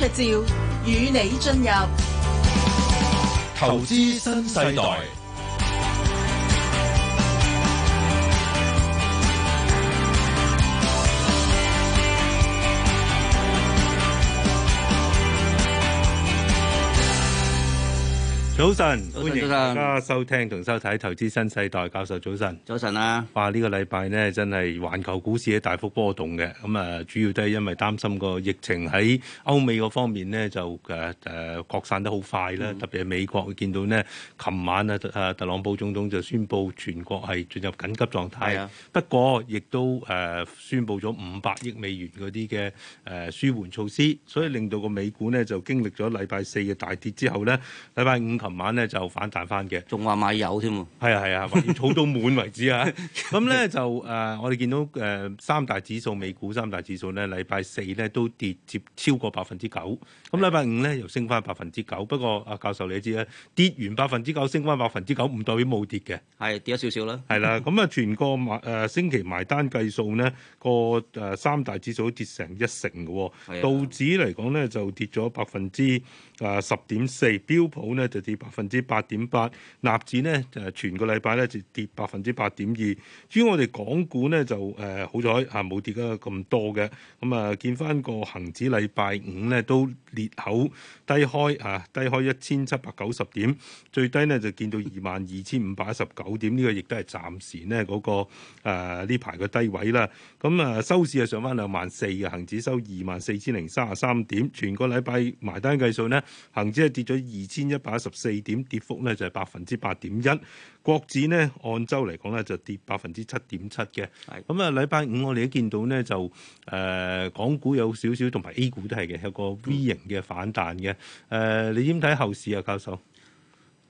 焯照與你進入投資新世代。早晨，歡迎大家收聽同收睇《投資新世代》，教授早晨。早晨啊！哇，呢個禮拜呢，真係環球股市大幅波動嘅，咁啊主要都係因為擔心個疫情喺歐美嗰方面呢，就誒誒擴散得好快啦，特別係美國會見到呢，琴晚啊特朗普總統就宣布全國係進入緊急狀態，不過亦都誒宣布咗五百億美元嗰啲嘅誒舒緩措施，所以令到個美股呢，就經歷咗禮拜四嘅大跌之後呢，禮拜五晚咧就反彈翻嘅，仲話買油添喎，係啊係啊，要、uh, 儲到滿為止啊！咁咧就誒，我哋見到誒三大指數、美股三大指數咧，禮拜四咧都跌接超過百分之九，咁禮拜五咧又升翻百分之九。不過阿教授你知啦，跌完百分之九，升翻百分之九，唔代表冇跌嘅，係跌咗少少啦。係啦，咁啊，全個誒星期埋單計數呢個誒三大指數都跌成一成嘅，道指嚟講咧就跌咗百分之。 誒十點四，標普呢就跌百分之八點八，納指呢就係全個禮拜呢就跌百分之八點二。至於我哋港股呢，就誒、呃、好彩嚇冇跌得咁多嘅，咁、嗯、啊見翻個恒指禮拜五呢都裂口低開嚇、啊，低開一千七百九十點，最低呢就見到二萬二千五百一十九點，呢、這個亦都係暫時呢嗰、那個呢排嘅低位啦。咁、嗯、啊收市啊上翻兩萬四啊，恆指收二萬四千零三十三點，全個禮拜埋單計數呢。恒指係跌咗二千一百十四點，跌幅咧就係百分之八點一。國指咧按周嚟講咧就跌百分之七點七嘅。咁啊禮拜五我哋都見到咧就誒港股有少少同埋 A 股都係嘅，有個 V 型嘅反彈嘅。誒，你點睇後市啊，教授？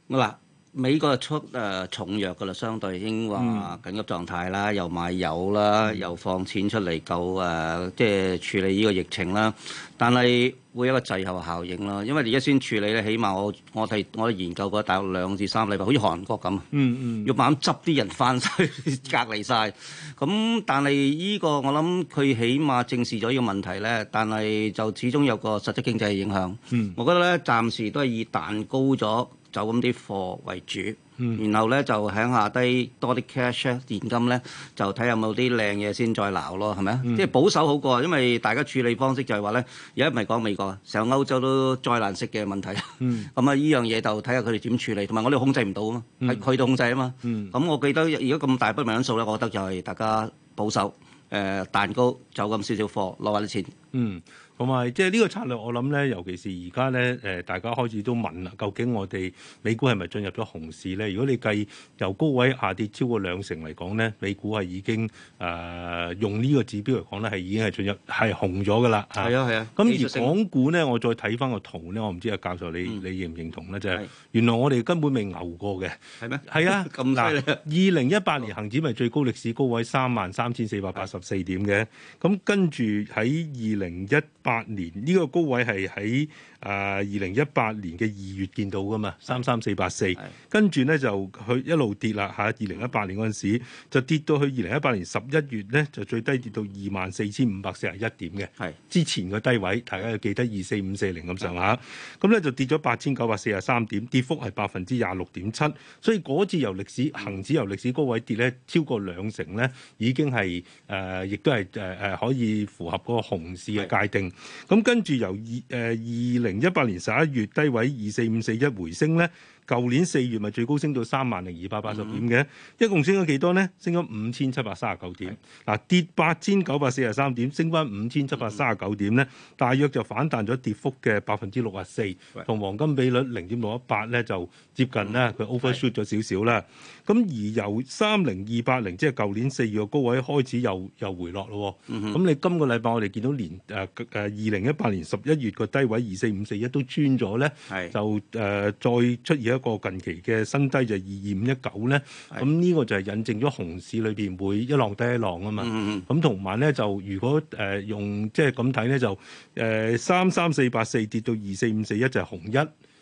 好啦。美國出誒重藥嘅啦，相對已經話緊急狀態啦，又買油啦，又放錢出嚟救誒，即係處理呢個疫情啦。但係會有個滯後效應啦，因為而家先處理咧，起碼我我哋我哋研究過，大約兩至三個禮拜，好似韓國咁，嗯嗯，要猛咁執啲人翻晒，隔離晒咁，但係呢個我諗佢起碼正視咗呢個問題咧，但係就始終有個實際經濟嘅影響。嗯，我覺得咧暫時都係以彈高咗，就咁啲貨為主，嗯、然後咧就喺下低多啲 cash 現金咧，就睇有冇啲靚嘢先再鬧咯，係咪啊？嗯、即係保守好過，因為大家處理方式就係話咧，而家唔係講美國，成個歐洲都災難式嘅問題。咁啊、嗯，依樣嘢就睇下佢哋點處理，同埋我哋控制唔到啊嘛，係佢度控制啊嘛。咁、嗯、我記得如果咁大不明因素咧，我覺得就係大家保守誒蛋糕走咁少少貨攞下啲錢。嗯同埋即係呢個策略，我諗咧，尤其是而家咧，誒大家開始都問啦，究竟我哋美股係咪進入咗熊市咧？如果你計由高位下跌超過兩成嚟講咧，美股係已經誒用呢個指標嚟講咧，係已經係進入係熊咗㗎啦。係啊係啊，咁而港股咧，我再睇翻個圖咧，我唔知阿教授你你認唔認同咧？就係原來我哋根本未牛過嘅。係咩？係啊，咁大。二零一八年恒指咪最高歷史高位三萬三千四百八十四點嘅，咁跟住喺二零一八年呢、這個高位係喺誒二零一八年嘅二月見到噶嘛三三四八四，跟住呢就佢一路跌啦吓，二零一八年嗰陣時就跌到去二零一八年十一月呢，就最低跌到二萬四千五百四十一點嘅，係是是 之前個低位，大家要記得二四五四零咁上下，咁呢是就跌咗八千九百四十三點，跌幅係百分之廿六點七，所以嗰次由歷史恒指由歷史高位跌呢，超過兩成呢已經係誒、呃、亦都係誒誒可以符合個熊市嘅界定。咁跟住由二誒二零一八年十一月低位二四五四一回升咧。舊年四月咪最高升到三萬零二百八十點嘅，嗯、一共升咗幾多呢？升咗五千七百三十九點，嗱是的 跌八千九百四十三點，升返五千七百三十九點呢，嗯、大約就反彈咗跌幅嘅百分之六啊四，同是的 黃金比率零點六一八呢，就接近啦，佢、嗯、over shoot 咗少少啦。咁是的 而由三零二八零，即係舊年四月個高位開始又又回落咯。咁、嗯、你今個禮拜我哋見到連誒誒二零一八年十一、呃、月個低位二四五四一都穿咗呢，就誒再出現一。個近期嘅新低就二二五一九咧，咁呢個就係引證咗熊市裏邊會一浪低一浪啊嘛。咁同埋咧，就如果誒用即係咁睇咧，就誒三三四八四跌到二四五四一就係紅一，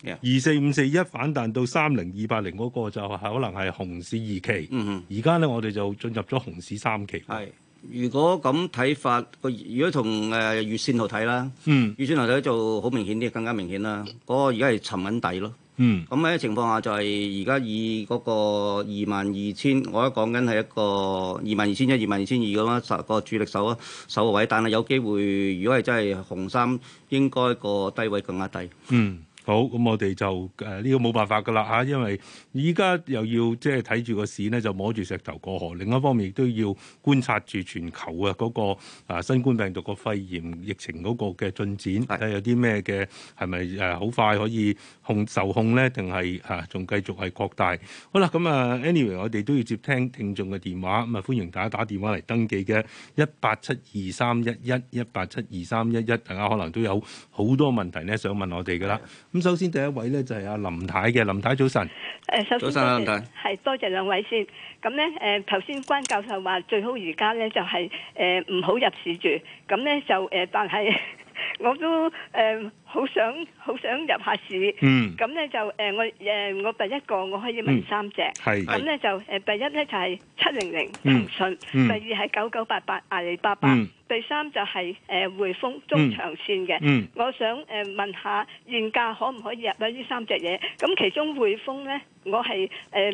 二四五四一反彈到三零二八零嗰個就可能係熊市二期。嗯嗯，而家咧，我哋就進入咗熊市三期。係如果咁睇法個，如果同誒月線圖睇啦，月線圖睇就好明顯啲，更加明顯啦。嗰個而家係沉穩底咯。嗯，咁喺情況下就係而家以嗰個二萬二千，我而家講緊係一個二萬二千一、二萬二千二咁樣十個主力手啊手個位，但係有機會，如果係真係紅衫，應該個低位更加低。嗯。好，咁我哋就誒呢個冇辦法㗎啦嚇，因為依家又要即係睇住個市呢，就摸住石頭過河。另一方面亦都要觀察住全球啊嗰個啊新冠病毒個肺炎疫情嗰個嘅進展，睇下的、啊、有啲咩嘅係咪誒好快可以控受控呢？定係嚇仲繼續係擴大？好啦，咁啊，anyway 我哋都要接聽聽眾嘅電話，咁啊歡迎大家打電話嚟登記嘅一八七二三一一一八七二三一一，大家可能都有好多問題呢，想問我哋㗎啦。咁首先第一位咧就係阿林太嘅，林太早晨。早晨，早晨林太。係多謝兩位先。咁咧，誒頭先關教授話最好而家咧就係誒唔好入市住。咁咧就誒、呃，但係。我都誒好、呃、想好想入下市，咁咧、嗯、就誒我誒我第一個我可以問三隻，咁咧、嗯、就誒第一咧就係七零零騰訊，第二係九九八八阿里巴巴，嗯、第三就係誒匯豐中長線嘅，嗯、我想誒、呃、問下現價可唔可以入到呢三隻嘢？咁其中匯豐咧，我係誒。呃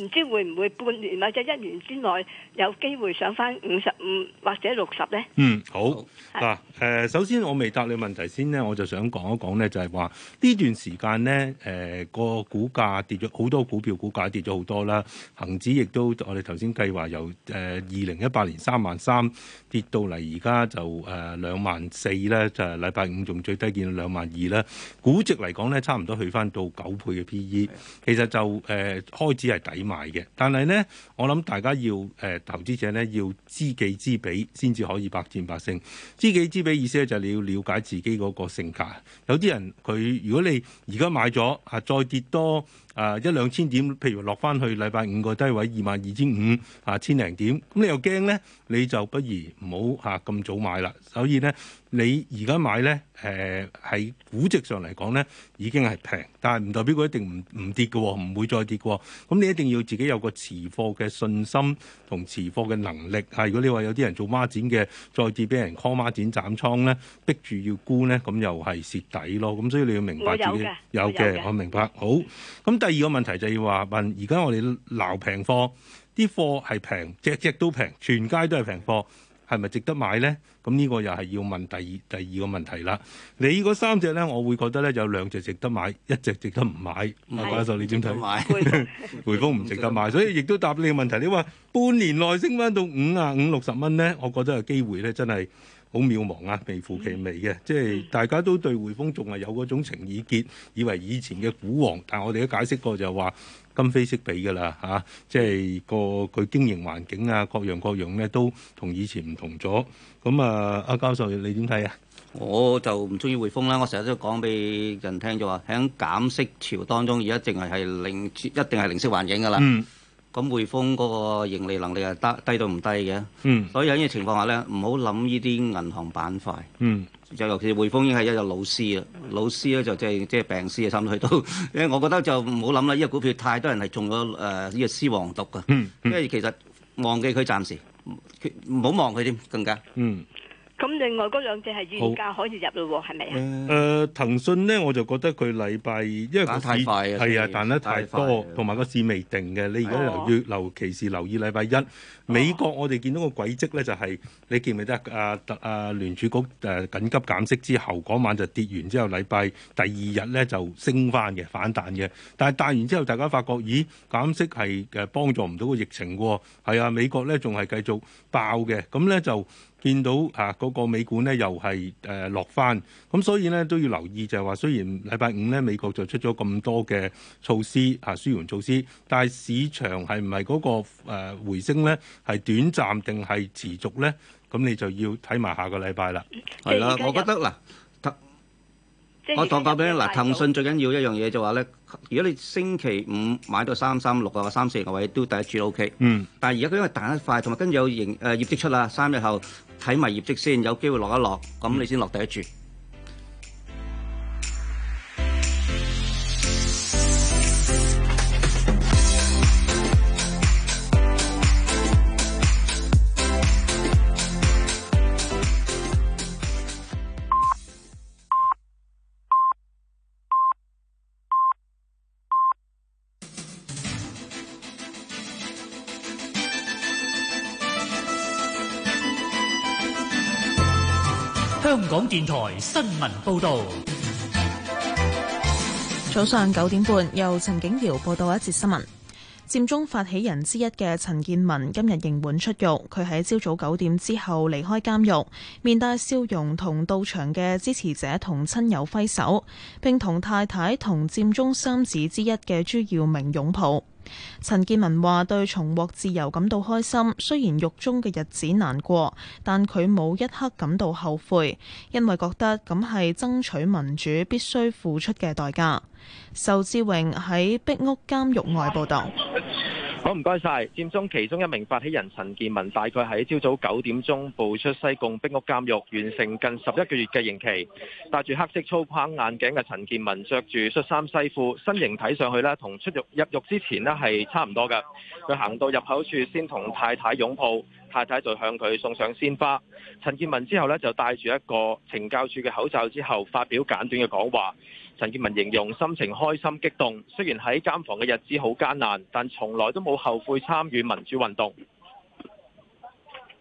唔知會唔會半年或者一年之內有機會上翻五十五或者六十呢？嗯，好嗱，誒好，是首先我未答你問題先呢，我就想講一講呢，就係話呢段時間呢，誒、呃、個股價跌咗好多，股票股價跌咗好多啦。恒指亦都，我哋頭先計劃由誒二零一八年三萬三跌到嚟而家就誒兩萬四咧，就禮、是、拜五仲最低見到兩萬二啦。估值嚟講呢，差唔多去翻到九倍嘅 P E，其實就誒、呃、開始係抵買嘅，但係呢，我諗大家要誒、呃，投資者呢，要知己知彼，先至可以百戰百勝。知己知彼意思咧，就係你要了解自己嗰個性格。有啲人佢如果你而家買咗啊，再跌多啊、呃、一兩千點，譬如落翻去禮拜五個低位二萬二千五啊千零點，咁你又驚呢？你就不如唔好啊咁早買啦。所以呢。你而家買咧，誒、呃、喺估值上嚟講咧，已經係平，但係唔代表佢一定唔唔跌嘅，唔會再跌嘅。咁你一定要自己有個持貨嘅信心同持貨嘅能力嚇、啊。如果你話有啲人做孖展嘅，再跌俾人 call 孖展斬倉咧，逼住要沽咧，咁又係蝕底咯。咁所以你要明白自己有嘅，有有我明白。好。咁第二個問題就要話問，而家我哋撈平貨，啲貨係平，隻隻都平，全街都係平貨，係咪值得買咧？咁、這、呢個又係要問第二第二個問題啦。你嗰三隻咧，我會覺得咧有兩隻值得買，一隻值得唔買。阿華叔，你點睇？匯豐唔值得買，所以亦都答你個問題。你話半年內升翻到五啊五六十蚊咧，我覺得個機會咧真係好渺茫啊，微乎其微嘅。即係、嗯、大家都對匯豐仲係有嗰種情意結，以為以前嘅股王，但係我哋都解釋過就係話。今非昔比㗎喇嚇，即係個佢經營環境啊，各樣各樣咧都同以前唔同咗。咁啊，阿教授你點睇啊？我就唔中意匯豐啦。我成日都講俾人聽咗話喺減息潮當中，而家淨係係零一定係零息環境㗎喇。咁、嗯、匯豐嗰個盈利能力係低低到唔低嘅。嗯、所以喺呢種情況下咧，唔好諗呢啲銀行板塊。嗯就尤其是匯豐已經係一個老師啊，老師咧就即係即係病師嘅心去到，因為我覺得就唔好諗啦，呢個股票太多人係中咗誒呢個絲皇毒嘅，因為其實忘記佢暫時，唔唔好忘佢添，更加。嗯。咁另外嗰兩隻係預價可以入嘞喎，係咪啊？誒，騰訊咧我就覺得佢禮拜因為太快係啊彈得太多，同埋個市未定嘅，你而家留意，尤其是留意禮拜一。美國我哋見到個軌跡咧、就是，就係你記唔記得啊？啊聯儲局誒緊急減息之後嗰晚就跌完之後，禮拜第二日咧就升翻嘅反彈嘅。但係彈完之後，大家發覺咦減息係誒幫助唔到個疫情嘅，係啊美國咧仲係繼續爆嘅。咁咧就見到啊嗰、那個美股咧又係誒、呃、落翻，咁所以咧都要留意就係話，雖然禮拜五咧美國就出咗咁多嘅措施啊，舒緩措施，但係市場係唔係嗰個回升咧？係短暫定係持續咧，咁你就要睇埋下個禮拜啦。係啦、嗯，就係、我覺得嗱，我講翻俾你，嗱，騰訊最緊要一樣嘢就話咧，如果你星期五買到三三六啊、三四嘅位都第一注 O K。嗯，但係而家佢因為彈得快，同埋跟住有營誒、呃、業績出啦，三日後睇埋業績先，有機會落一落，咁你先落第一注。嗯。新聞報道，早上九點半，由陳景瑤報道一節新聞。佔中發起人之一嘅陳健民今日刑滿出獄，佢喺朝早九點之後離開監獄，面帶笑容同到場嘅支持者同親友揮手，並同太太同佔中三子之一嘅朱耀明擁抱。陳建文話：對重獲自由感到開心，雖然獄中嘅日子難過，但佢冇一刻感到後悔，因為覺得咁係爭取民主必須付出嘅代價。仇志榮喺壁屋監獄外報道。好，唔該晒。佔中其中一名發起人陳建文，大概喺朝早九點鐘步出西貢壁屋監獄，完成近十一個月嘅刑期。戴住黑色粗框眼鏡嘅陳建文，着住恤衫西褲，身形睇上去呢同出獄入獄之前呢係差唔多嘅。佢行到入口處，先同太太擁抱，太太就向佢送上鮮花。陳建文之後呢，就戴住一個懲教署嘅口罩，之後發表簡短嘅講話。陳建文形容心情開心激動，雖然喺監房嘅日子好艱難，但從來都冇後悔參與民主運動。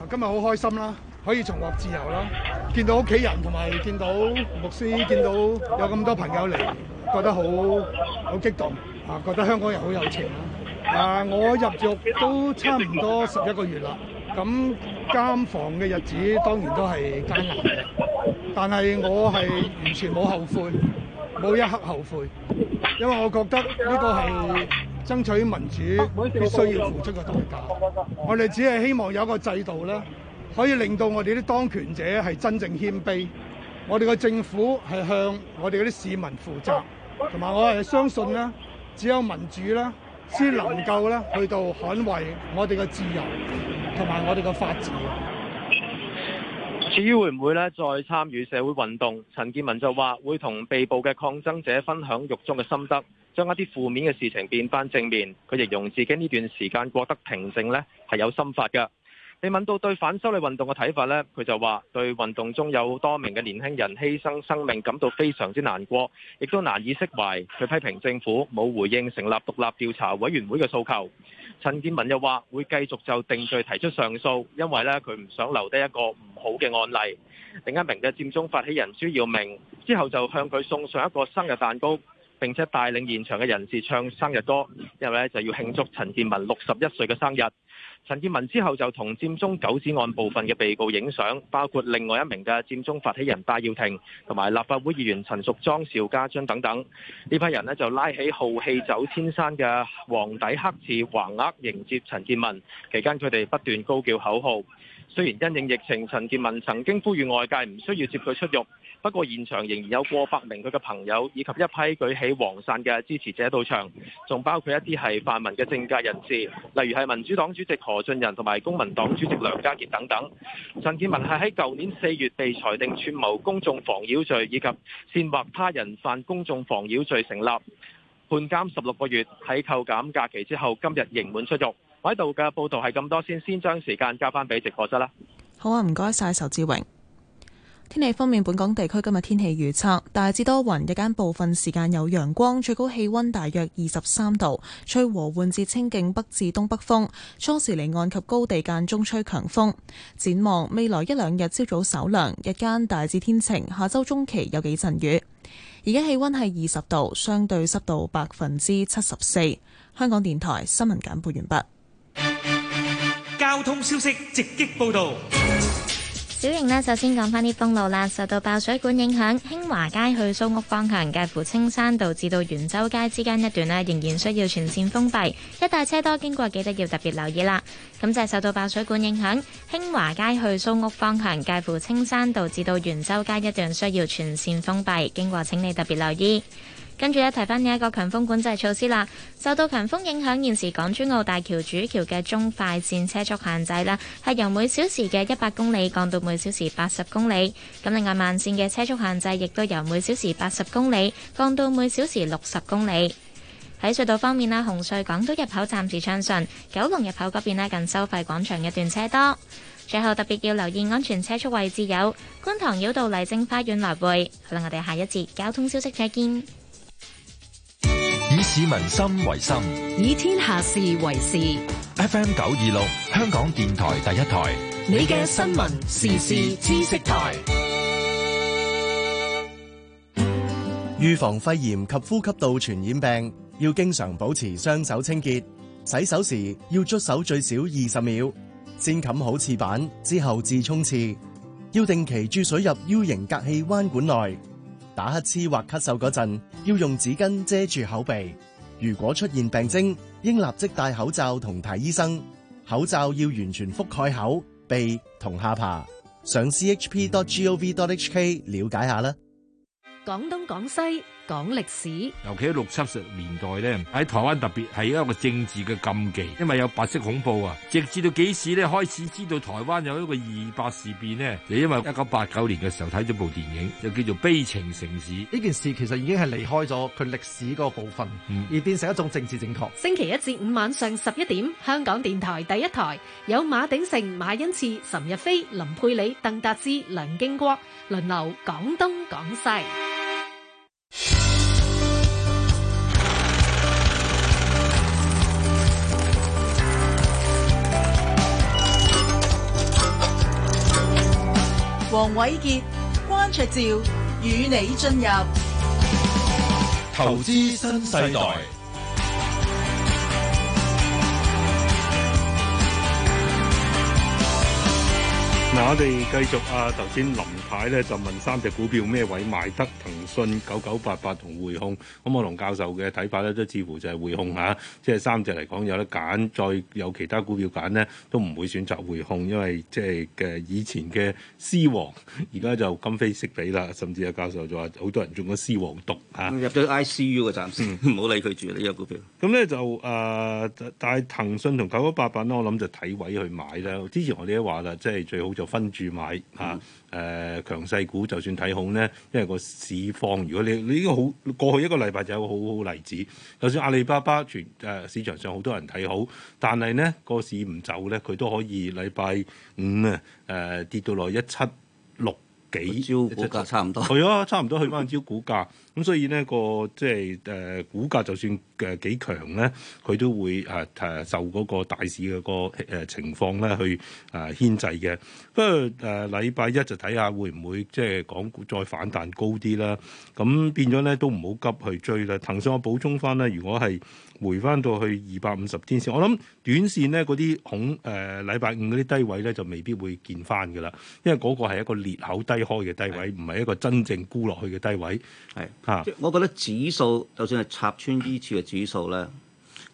今日好開心啦，可以重獲自由啦，見到屋企人同埋見到牧師，見到有咁多朋友嚟，覺得好好激動啊！覺得香港人好有情啊！啊，我入獄都差唔多十一個月啦，咁監房嘅日子當然都係艱難嘅，但係我係完全冇後悔。冇一刻後悔，因為我覺得呢個係爭取民主必須要付出嘅代價。我哋只係希望有個制度咧，可以令到我哋啲當權者係真正謙卑，我哋個政府係向我哋嗰啲市民負責，同埋我係相信咧，只有民主咧，先能夠咧去到捍衞我哋嘅自由同埋我哋嘅法治。至於會唔會咧再參與社會運動？陳建文就話會同被捕嘅抗爭者分享獄中嘅心得，將一啲負面嘅事情變翻正面。佢形容自己呢段時間過得平靜，呢係有心法㗎。你問到對反修例運動嘅睇法呢，佢就話對運動中有多名嘅年輕人犧牲生命感到非常之難過，亦都難以釋懷。佢批評政府冇回應成立獨立調查委員會嘅訴求。陳健民又話會繼續就定罪提出上訴，因為呢，佢唔想留低一個唔好嘅案例。另一名嘅佔中發起人朱耀明之後就向佢送上一個生日蛋糕，並且帶領現場嘅人士唱生日歌，之後呢，就要慶祝陳健民六十一歲嘅生日。陳建文之後就同佔中九子案部分嘅被告影相，包括另外一名嘅佔中發起人戴耀廷，同埋立法會議員陳淑莊、邵家臻等等。呢批人呢，就拉起浩氣走天山嘅黃底黑字橫額迎接陳健民，期間佢哋不斷高叫口號。雖然因應疫情，陳健民曾經呼籲外界唔需要接佢出獄。不過現場仍然有過百名佢嘅朋友以及一批舉起黃傘嘅支持者到場，仲包括一啲係泛民嘅政界人士，例如係民主黨主席何俊仁同埋公民黨主席梁家傑等等。陳建文係喺舊年四月被裁定串謀公眾妨擾罪以及煽惑他人犯公眾妨擾罪成立，判監十六個月，喺扣減假期之後，今日刑滿出獄。我喺度嘅報道係咁多先，先將時間交翻俾直播室啦。好啊，唔該晒，仇志榮。天氣方面，本港地區今日天氣預測大致多雲，日間部分時間有陽光，最高氣温大約二十三度，吹和緩至清勁北至東北風，初時離岸及高地間中吹強風。展望未來一兩日首兩，朝早稍涼，日間大致天晴，下周中期有幾陣雨。而家氣温係二十度，相對濕度百分之七十四。香港電台新聞簡報完畢。交通消息直擊報道。小瑩呢，首先講返啲封路啦。受到爆水管影響，興華街去蘇屋方向介乎青山道至到元州街之間一段呢，仍然需要全線封閉。一帶車多，經過記得要特別留意啦。咁就係受到爆水管影響，興華街去蘇屋方向介乎青山道至到元州街一段需要全線封閉，經過請你特別留意。跟住咧，提翻呢一個強風管制措施啦。受到強風影響，現時港珠澳大橋主橋嘅中快線車速限制啦，係由每小時嘅一百公里降到每小時八十公里。咁另外慢線嘅車速限制亦都由每小時八十公里降到每小時六十公里。喺隧道方面啦，紅隧港島入口暫時暢順，九龍入口嗰邊呢，近收費廣場一段車多。最後特別要留意安全車速位置有觀塘繞道麗晶花園來回。好啦，我哋下一節交通消息再見。以民心為心，以天下事為事。FM 九二六，香港電台第一台。你嘅新聞時事知識台。預防肺炎及呼吸道傳染病，要經常保持雙手清潔。洗手時要捽手最少二十秒，先冚好廁板之後至沖廁。要定期注水入 U 型隔氣彎管內。打乞嗤或咳嗽嗰陣，要用紙巾遮住口鼻。如果出現病徵，應立即戴口罩同睇醫生。口罩要完全覆蓋口、鼻同下巴。上 chp.gov.hk 了解下啦。廣東廣西。講歷史，尤其喺六七十年代呢，喺台灣特別係一個政治嘅禁忌，因為有白色恐怖啊。直至到幾時呢，開始知道台灣有一個二八事變呢？就因為一九八九年嘅時候睇咗部電影，就叫做《悲情城市》呢件事，其實已經係離開咗佢歷史嗰部分，而變成一種政治正確。嗯、星期一至五晚上十一點，香港電台第一台有馬鼎盛、馬恩賜、岑日飛、林佩里、鄧達之、梁經國輪流講東講西。黃瑋傑、關焯照與你進入投資新世代。嗱、嗯、我哋繼續啊，頭先林太咧就問三隻股票咩位買得，騰訊九九八八同匯控。咁我同教授嘅睇法咧，都似乎就係匯控吓、啊，即係三隻嚟講有得揀，再有其他股票揀咧，都唔會選擇匯控，因為即係嘅、啊、以前嘅獅王，而家就今非昔比啦，甚至阿、啊、教授就話好多人中咗獅王毒吓，啊、入咗 ICU 嘅暫時，唔好、嗯、理佢住呢個股票。咁咧、嗯、就誒、呃，但係騰訊同九九八八咧，我諗就睇位去買啦。之前我哋都話啦，即係最好，最好分住買嚇，誒、啊、強勢股就算睇好咧，因為個市況，如果你你依個好過去一個禮拜就有個好好例子，就算阿里巴巴全誒、啊、市場上好多人睇好，但係咧個市唔走咧，佢都可以禮拜五啊誒跌到落一七六幾，招股價差唔多，係啊，差唔多去翻招股價。咁所以呢個即係誒股價就算誒幾強咧，佢都會誒誒、呃、受嗰個大市嘅個情況咧去誒牽制嘅。不過誒禮拜一就睇下會唔會即係港股再反彈高啲啦。咁變咗咧都唔好急去追啦。騰訊，我補充翻咧，如果係回翻到去二百五十天線，我諗短線咧嗰啲恐誒禮拜五嗰啲低位咧就未必會見翻㗎啦，因為嗰個係一個裂口低開嘅低位，唔係的一個真正沽落去嘅低位。係。啊、我覺得指數就算係插穿呢次嘅指數咧，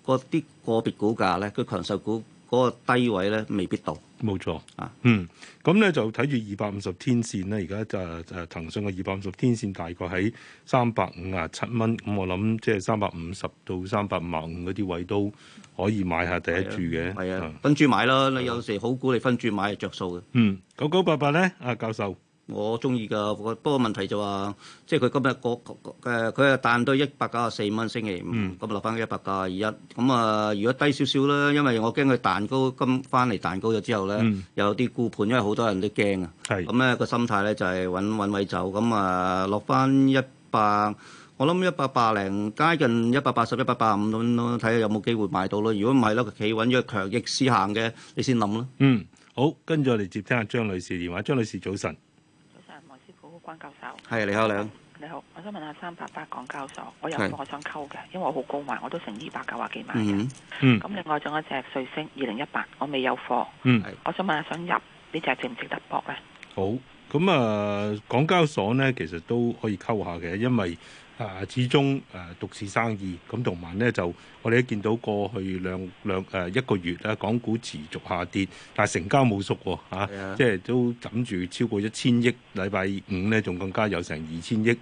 個啲個別股價咧，佢、嗰個、強勢股嗰、嗰個低位咧，未必到。冇錯啊，嗯，咁咧就睇住二百五十天線咧，而家就誒騰訊嘅二百五十天線大概喺三百五啊七蚊，咁我諗即係三百五十到三百五五嗰啲位都可以買下第一注嘅。係啊，分注買啦，啊、有時好股你分注買係着數嘅。嗯，九九八八咧，阿教授。我中意噶，不過問題就話，即係佢今日個個佢係、呃、彈到一百九十四蚊星期五，咁、嗯、落翻一百九廿二一。咁啊、呃，如果低少少啦，因為我驚佢彈高。今翻嚟彈高咗之後咧，嗯、有啲沽盤，因為好多人都驚啊。咁咧是、嗯那個心態咧就係揾揾位走，咁啊落翻一百，我諗一百八零，加近一百八十，一百八五咁睇下有冇機會買到咯。如果唔係佢企穩咗強益試行嘅，你先諗啦。嗯，好，跟住我哋接聽阿張女士電話。張女士早晨。關教授，係你好，你好。你好，我想問下三八八港交所，我有我想溝嘅，因為我好高位，我都成二百九啊幾萬嘅。嗯嗯。咁另外仲有一隻瑞聲二零一八，我未有貨。嗯，我想問下，想入呢隻值唔值得搏咧？好，咁啊，港交所咧其實都可以溝下嘅，因為。啊，始終誒獨市生意咁，同埋咧就我哋都見到過去兩兩誒一個月咧，港股持續下跌，但係成交冇縮喎嚇，即係都枕住超過一千億，禮拜五咧仲更加有成二千億。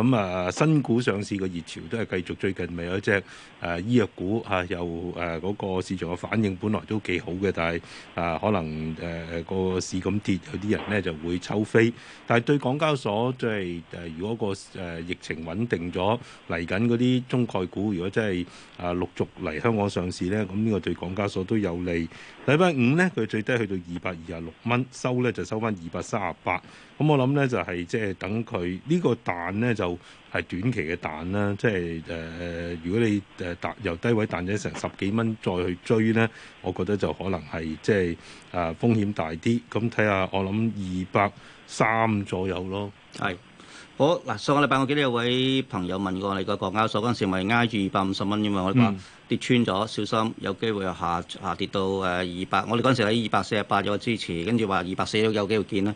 咁啊，新股上市嘅熱潮都係繼續。最近咪有一隻誒、啊、醫藥股嚇、啊，又誒、啊那個市場嘅反應本來都幾好嘅，但係啊，可能誒、啊、個市咁跌，有啲人咧就會抽飛。但係對港交所即係誒，如果、那個誒、啊、疫情穩定咗，嚟緊嗰啲中概股，如果真係啊陸續嚟香港上市咧，咁呢個對港交所都有利。禮拜五咧，佢最低去到二百二十六蚊，收咧就收翻二百三十八。咁、嗯、我諗咧就係即係等佢、這個、呢個彈咧就係、是、短期嘅彈啦。即係誒，如果你誒、呃、由低位彈咗成十幾蚊再去追咧，我覺得就可能係即係誒風險大啲。咁睇下我諗二百三左右咯。係。好嗱，上個禮拜我記得有位朋友問過我，你個港交所嗰陣時咪挨住二百五十蚊嘅嘛？我哋話跌穿咗，小心有機會下下跌到誒二百。呃、200，我哋嗰陣時喺二百四十八有支持，跟住話二百四都有機會見啦。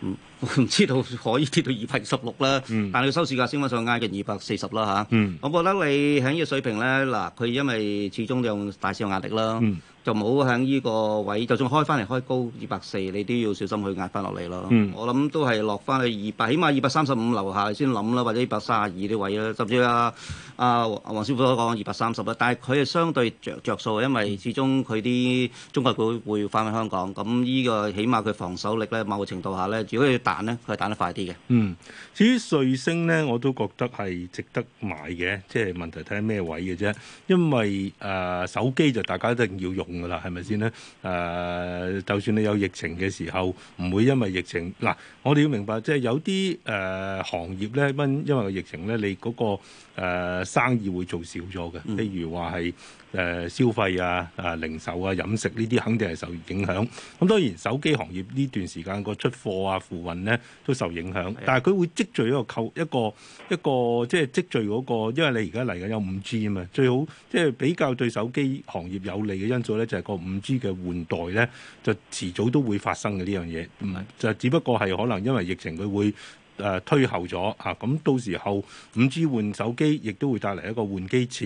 唔、嗯、知道可以跌到二百十六啦，嗯、但你個收市價先分上，上挨住二百四十啦嚇。啊嗯、我覺得你喺呢個水平咧，嗱、啊，佢因為始終量大少壓力啦。嗯就唔好喺呢個位，就算開翻嚟開高二百四，你都要小心去壓翻落嚟咯。嗯，我諗都係落翻去二百，起碼二百三十五樓下先諗啦，或者二百三十二啲位啦。甚至阿阿黃師傅所講二百三十啦，但係佢係相對着着數，因為始終佢啲中國股會翻去香港，咁呢個起碼佢防守力咧，某程度下咧，如果佢彈咧，佢彈得快啲嘅。嗯，至於瑞星咧，我都覺得係值得買嘅，即係問題睇喺咩位嘅啫。因為誒、呃、手機就大家一定要用。係咪先咧？誒， 就算你有疫情嘅時候，唔會因為疫情嗱，我哋要明白，即係有啲誒行業咧，因因為個疫情咧，你嗰個生意會做少咗嘅，譬如話係。誒，消費啊，啊零售啊，飲食呢、啊、啲肯定係受影響。咁當然手機行業呢段時間個出貨啊、付運咧都受影響，的但係佢會積聚一個購一個一個即係積聚嗰個，因為你而家嚟緊有五 G 啊嘛，最好即係比較對手機行業有利嘅因素咧，就係、是、個五 G 嘅換代咧，就遲早都會發生嘅呢樣嘢，就的只不過係可能因為疫情佢會，誒、啊、推後咗嚇，咁、啊、到時候五 G 換手機，亦都會帶嚟一個換機潮，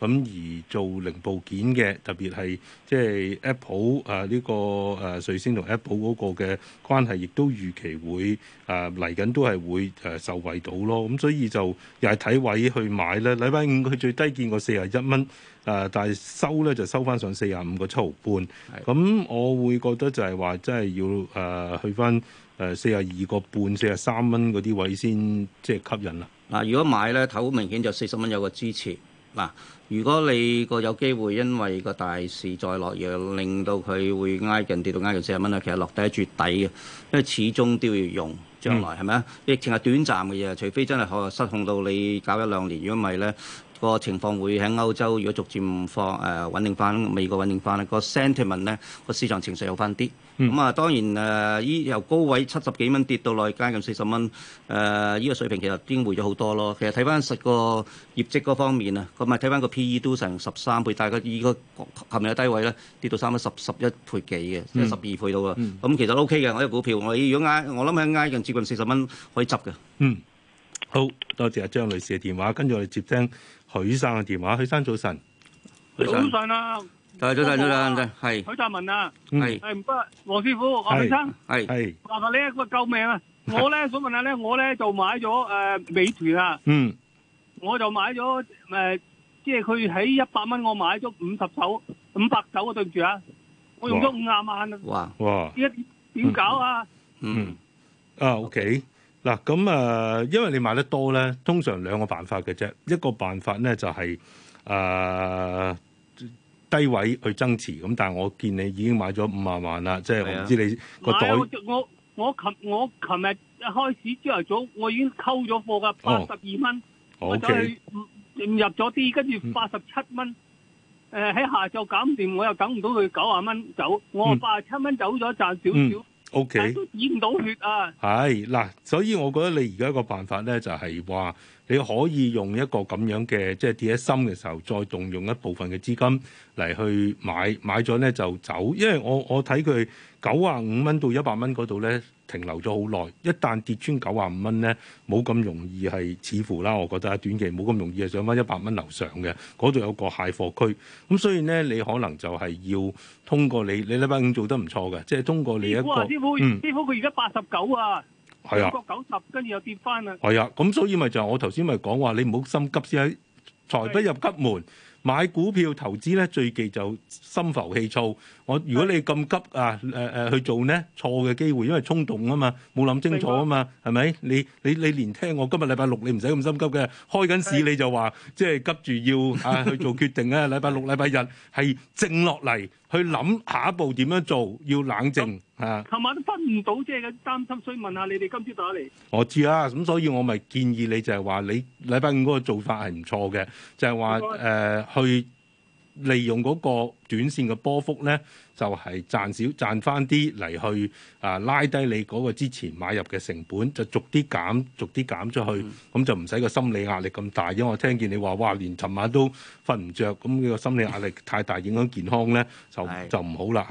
咁、啊、而做零部件嘅，特別係即係 Apple 誒、啊、呢、這個誒、啊、瑞聲同 Apple 嗰個嘅關係，亦都預期會誒嚟緊都係會誒受惠到咯。咁、啊、所以就又係睇位去買咧。禮拜五佢最低見過四十一蚊，誒、啊、但係收咧就收翻上四廿五個七毫半。咁的我會覺得就係話，真係要誒、啊、去翻，誒四廿二個半、四廿三蚊嗰啲位先即係吸引啦。嗱、啊，如果買咧，睇好明顯就四十蚊有個支持。嗱、啊，如果你個有機會，因為個大市再落，又令到佢會挨近跌到挨近四十蚊啦。其實落低係絕底嘅，因為始終都要用將來係咪啊？疫情係短暫嘅嘢，除非真係可能失控到你搞一兩年，如果唔係咧。個情況會喺歐洲，如果逐漸放誒穩、呃、定翻，美國穩定翻，個 sentiment 咧個市場情緒又翻啲。咁啊、嗯，當然誒，依、呃、由高位七十幾蚊跌到內街近四十蚊，誒、呃、依、這個水平其實已經回咗好多咯。其實睇翻實個業績嗰方面啊，咁啊睇翻個 P/E 都成十三倍，但係依個琴日低位咧跌到三百十十一倍幾嘅，即係十二倍到啊。咁其實 O.K. 嘅，我有股票，我如果挨，我諗喺挨近接近四十蚊可以執嘅。嗯，好多謝阿張女士嘅電話，跟住我哋接聽。許生嘅電話，許生早晨，早晨啊！大家早晨，早晨，係許澤文啊，係誒，唔該，黃師傅，阿許生，係係，嗱嗱咧，我救命啊！我咧想問下咧，我咧就買咗誒美團啊，嗯，我就買咗誒，即係佢喺一百蚊，我買咗五十手，五百手啊，對唔住啊，我用咗五廿萬啊，哇哇，一點搞啊？嗯，啊，OK。嗱咁啊，因為你買得多咧，通常兩個辦法嘅啫。一個辦法咧就係啊低位去增持，咁但係我見你已經買咗五萬萬啦，即係我唔知你個袋。買我我我琴我琴日一開始朝頭早我已經溝咗貨㗎，八十二蚊，我就係計入咗啲，跟住八十七蚊。誒喺下晝減掂，我又等唔到佢九啊蚊走，我八十七蚊走咗賺少少。屋企，Okay. 都染唔到血啊！係嗱，所以我覺得你而家個辦法咧，就係，就係話。你可以用一個咁樣嘅，即係跌喺深嘅時候，再動用一部分嘅資金嚟去買，買咗咧就走，因為我我睇佢九啊五蚊到一百蚊嗰度咧停留咗好耐，一旦跌穿九啊五蚊咧，冇咁容易係似乎啦，我覺得短期冇咁容易係上返一百蚊樓上嘅。嗰度有個蟹貨區，咁所以咧你可能就係要通過你你禮拜五做得唔錯嘅，即係通過你一個嗯，師傅佢而家八十九啊。係啊，過九十跟住又跌翻啦。係啊，咁所以咪就係、是、的我頭先咪講話，的你唔好心急先，喺財不入急門，的買股票投資咧，最忌就心浮氣躁。我，如果你咁急啊誒誒、啊啊、去做呢，錯嘅機會，因為衝動啊嘛，冇諗清楚啊嘛，係咪哥？你你你連聽我今日禮拜六你唔使咁心急嘅，開緊市你就話的即係急住要啊去做決定啊？禮拜 六禮拜日係靜落嚟去諗下一步點樣做，要冷靜啊。琴晚都分唔到，即係嘅擔心，所以問下你哋今朝打嚟。我知啊。咁所以我咪建議你就係話你禮拜五嗰個做法係唔錯嘅，就係話誒去。利用嗰個短線嘅波幅咧，就係賺少賺翻啲嚟去啊拉低你嗰個之前買入嘅成本，就逐啲減，逐啲減出去，咁、嗯、就唔使個心理壓力咁大。因為我聽見你話，哇，連尋晚都瞓唔着。咁、你個心理壓力太大，影響健康咧，就是就唔好啦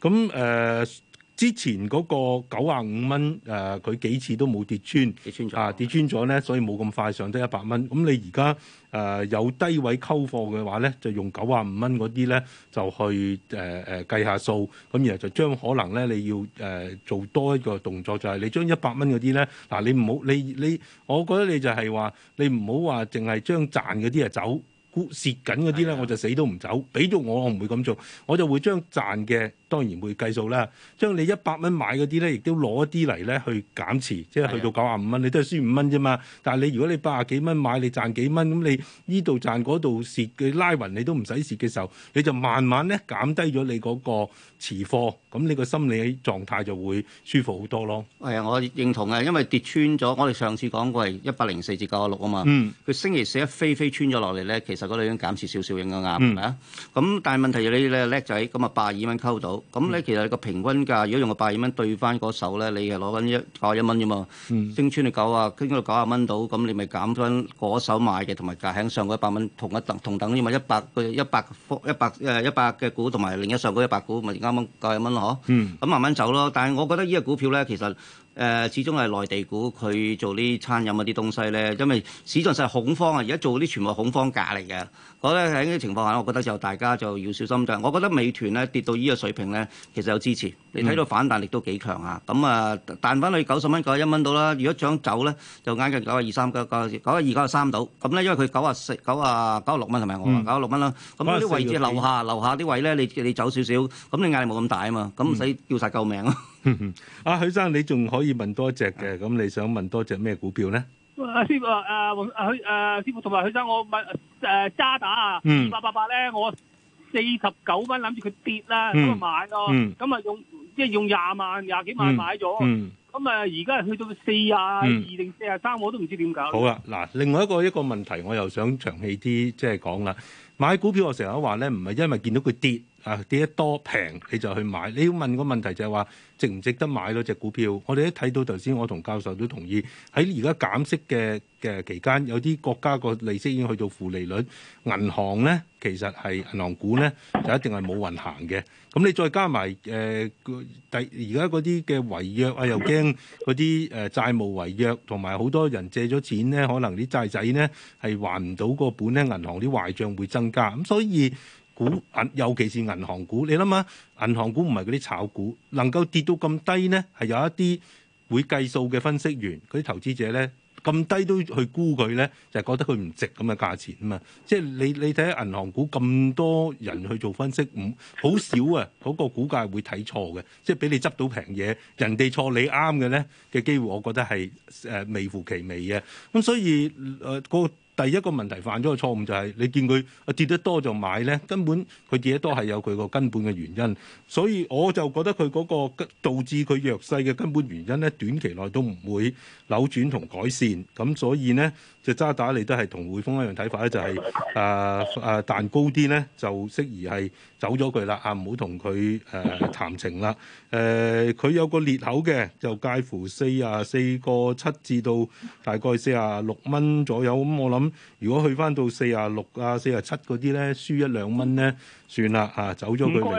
嚇。咁、啊、誒。之前嗰個九啊五蚊，誒、呃、佢幾次都冇跌穿，跌穿咗，啊、跌穿咗咧，所以冇咁快上到一百蚊。咁、嗯、你而家誒有低位溝貨嘅話咧，就用九啊五蚊嗰啲咧，就去誒誒、呃、計下數，咁、嗯、然後就將可能咧你要誒、呃、做多一個動作，就係、是、你將一百蚊嗰啲咧，嗱你唔好你你，我覺得你就係話你唔好話淨係將賺嗰啲啊走，蝕緊嗰啲咧我就死都唔走，俾咗我我唔會咁做，我就會將賺嘅。當然會計數啦，將你一百蚊買嗰啲咧，亦都攞一啲嚟咧去減持，即係去到九啊五蚊，你都係輸五蚊啫嘛。但係你如果你八啊幾蚊買，你賺幾蚊，咁你呢度賺嗰度蝕嘅拉勻，你都唔使蝕嘅時候，你就慢慢咧減低咗你嗰個持貨，咁你個心理狀態就會舒服好多咯。係啊，我認同嘅，因為跌穿咗，我哋上次講過係一百零四至九啊六啊嘛。96，嗯。佢星期四一飛飛穿咗落嚟咧，其實嗰啲已經減持少少應該啱，係啊、嗯？咁、嗯、但係問題你你就你叻仔，咁啊八二蚊溝到。咁你、嗯嗯、其實個平均價，如果用個八二蚊對翻嗰手咧，你係攞緊一九一蚊啫嘛。嗯、升穿到九啊，升到九廿蚊到，咁你咪減翻嗰手買嘅，同埋價喺上嗰一百蚊同一同等，要咪一百個一百個一百誒一百嘅股，同埋另一上嗰一百股，咪啱啱九廿蚊咯，嗬、嗯？咁、啊、慢慢走咯。但係我覺得依個股票咧，其實～誒始終係內地股，佢做啲餐飲嗰啲東西咧，因為市場實係恐慌啊！而家做啲全部係恐慌價嚟嘅。我覺得喺呢啲情況下，我覺得就大家就要小心就係。我覺得美團咧跌到依個水平咧，其實有支持。你睇到反彈力都幾強啊！咁、嗯、啊，彈翻去九十蚊九一蚊到啦。如果想走咧，就挨近九啊二三九九九啊二九啊三到。咁咧，因為佢九啊四九啊九啊六蚊同埋我九十六蚊啦。咁啲、嗯、位置樓下樓月下啲位咧，你你走少少，咁你壓力冇咁大啊嘛，咁唔使叫晒救命咯。嗯 阿許生，你仲可以問多隻嘅，咁你想問多隻咩股票咧？阿師傅，阿許，阿師傅同埋許生，我買誒渣打啊，二八八八咧，我四十九蚊諗住佢跌啦，咁啊買咯，咁啊用即係用廿萬廿幾萬買咗，咁啊而家係去到四啊，二定四啊，三，我都唔知點搞。好啦，嗱，另外一個一個問題，我又想長氣啲即係講啦。買股票我成日都話咧，唔係因為見到佢跌啊跌得多平，你就去買。你要問個問題就係話值唔值得買嗰隻股票？我哋一睇到頭先，我同教授都同意喺而家減息嘅嘅期間，有啲國家個利息已經去到負利率。銀行咧，其實係銀行股咧就一定係冇運行嘅。咁你再加埋誒第而家嗰啲嘅違約啊，又驚嗰啲誒債務違約，同埋好多人借咗錢咧，可能啲債仔咧係還唔到個本咧，銀行啲壞帳會增。咁所以股銀尤其是銀行股，你諗下，銀行股唔係嗰啲炒股，能夠跌到咁低呢？係有一啲會計數嘅分析員，嗰啲投資者呢，咁低都去估佢呢，就係、是、覺得佢唔值咁嘅價錢啊嘛。即係你你睇銀行股咁多人去做分析，五好少啊，嗰、那個股價會睇錯嘅，即係俾你執到平嘢，人哋錯你啱嘅呢嘅機會，我覺得係誒微乎其微嘅。咁所以誒嗰。呃那個第一個問題犯咗個錯誤就係你見佢跌得多就買呢，根本佢跌得多係有佢個根本嘅原因，所以我就覺得佢嗰個導致佢弱勢嘅根本原因呢，短期內都唔會扭轉同改善，咁所以呢。就渣打你都係同匯豐一樣睇法咧，就係誒誒彈高啲咧，就適宜係走咗佢啦，啊唔好同佢誒談情啦。誒、啊、佢有個裂口嘅，就介乎四啊四個七至到大概四啊六蚊左右。咁、嗯、我諗如果去翻到四啊六啊四啊七嗰啲咧，輸一兩蚊咧算啦嚇、啊，走咗佢。係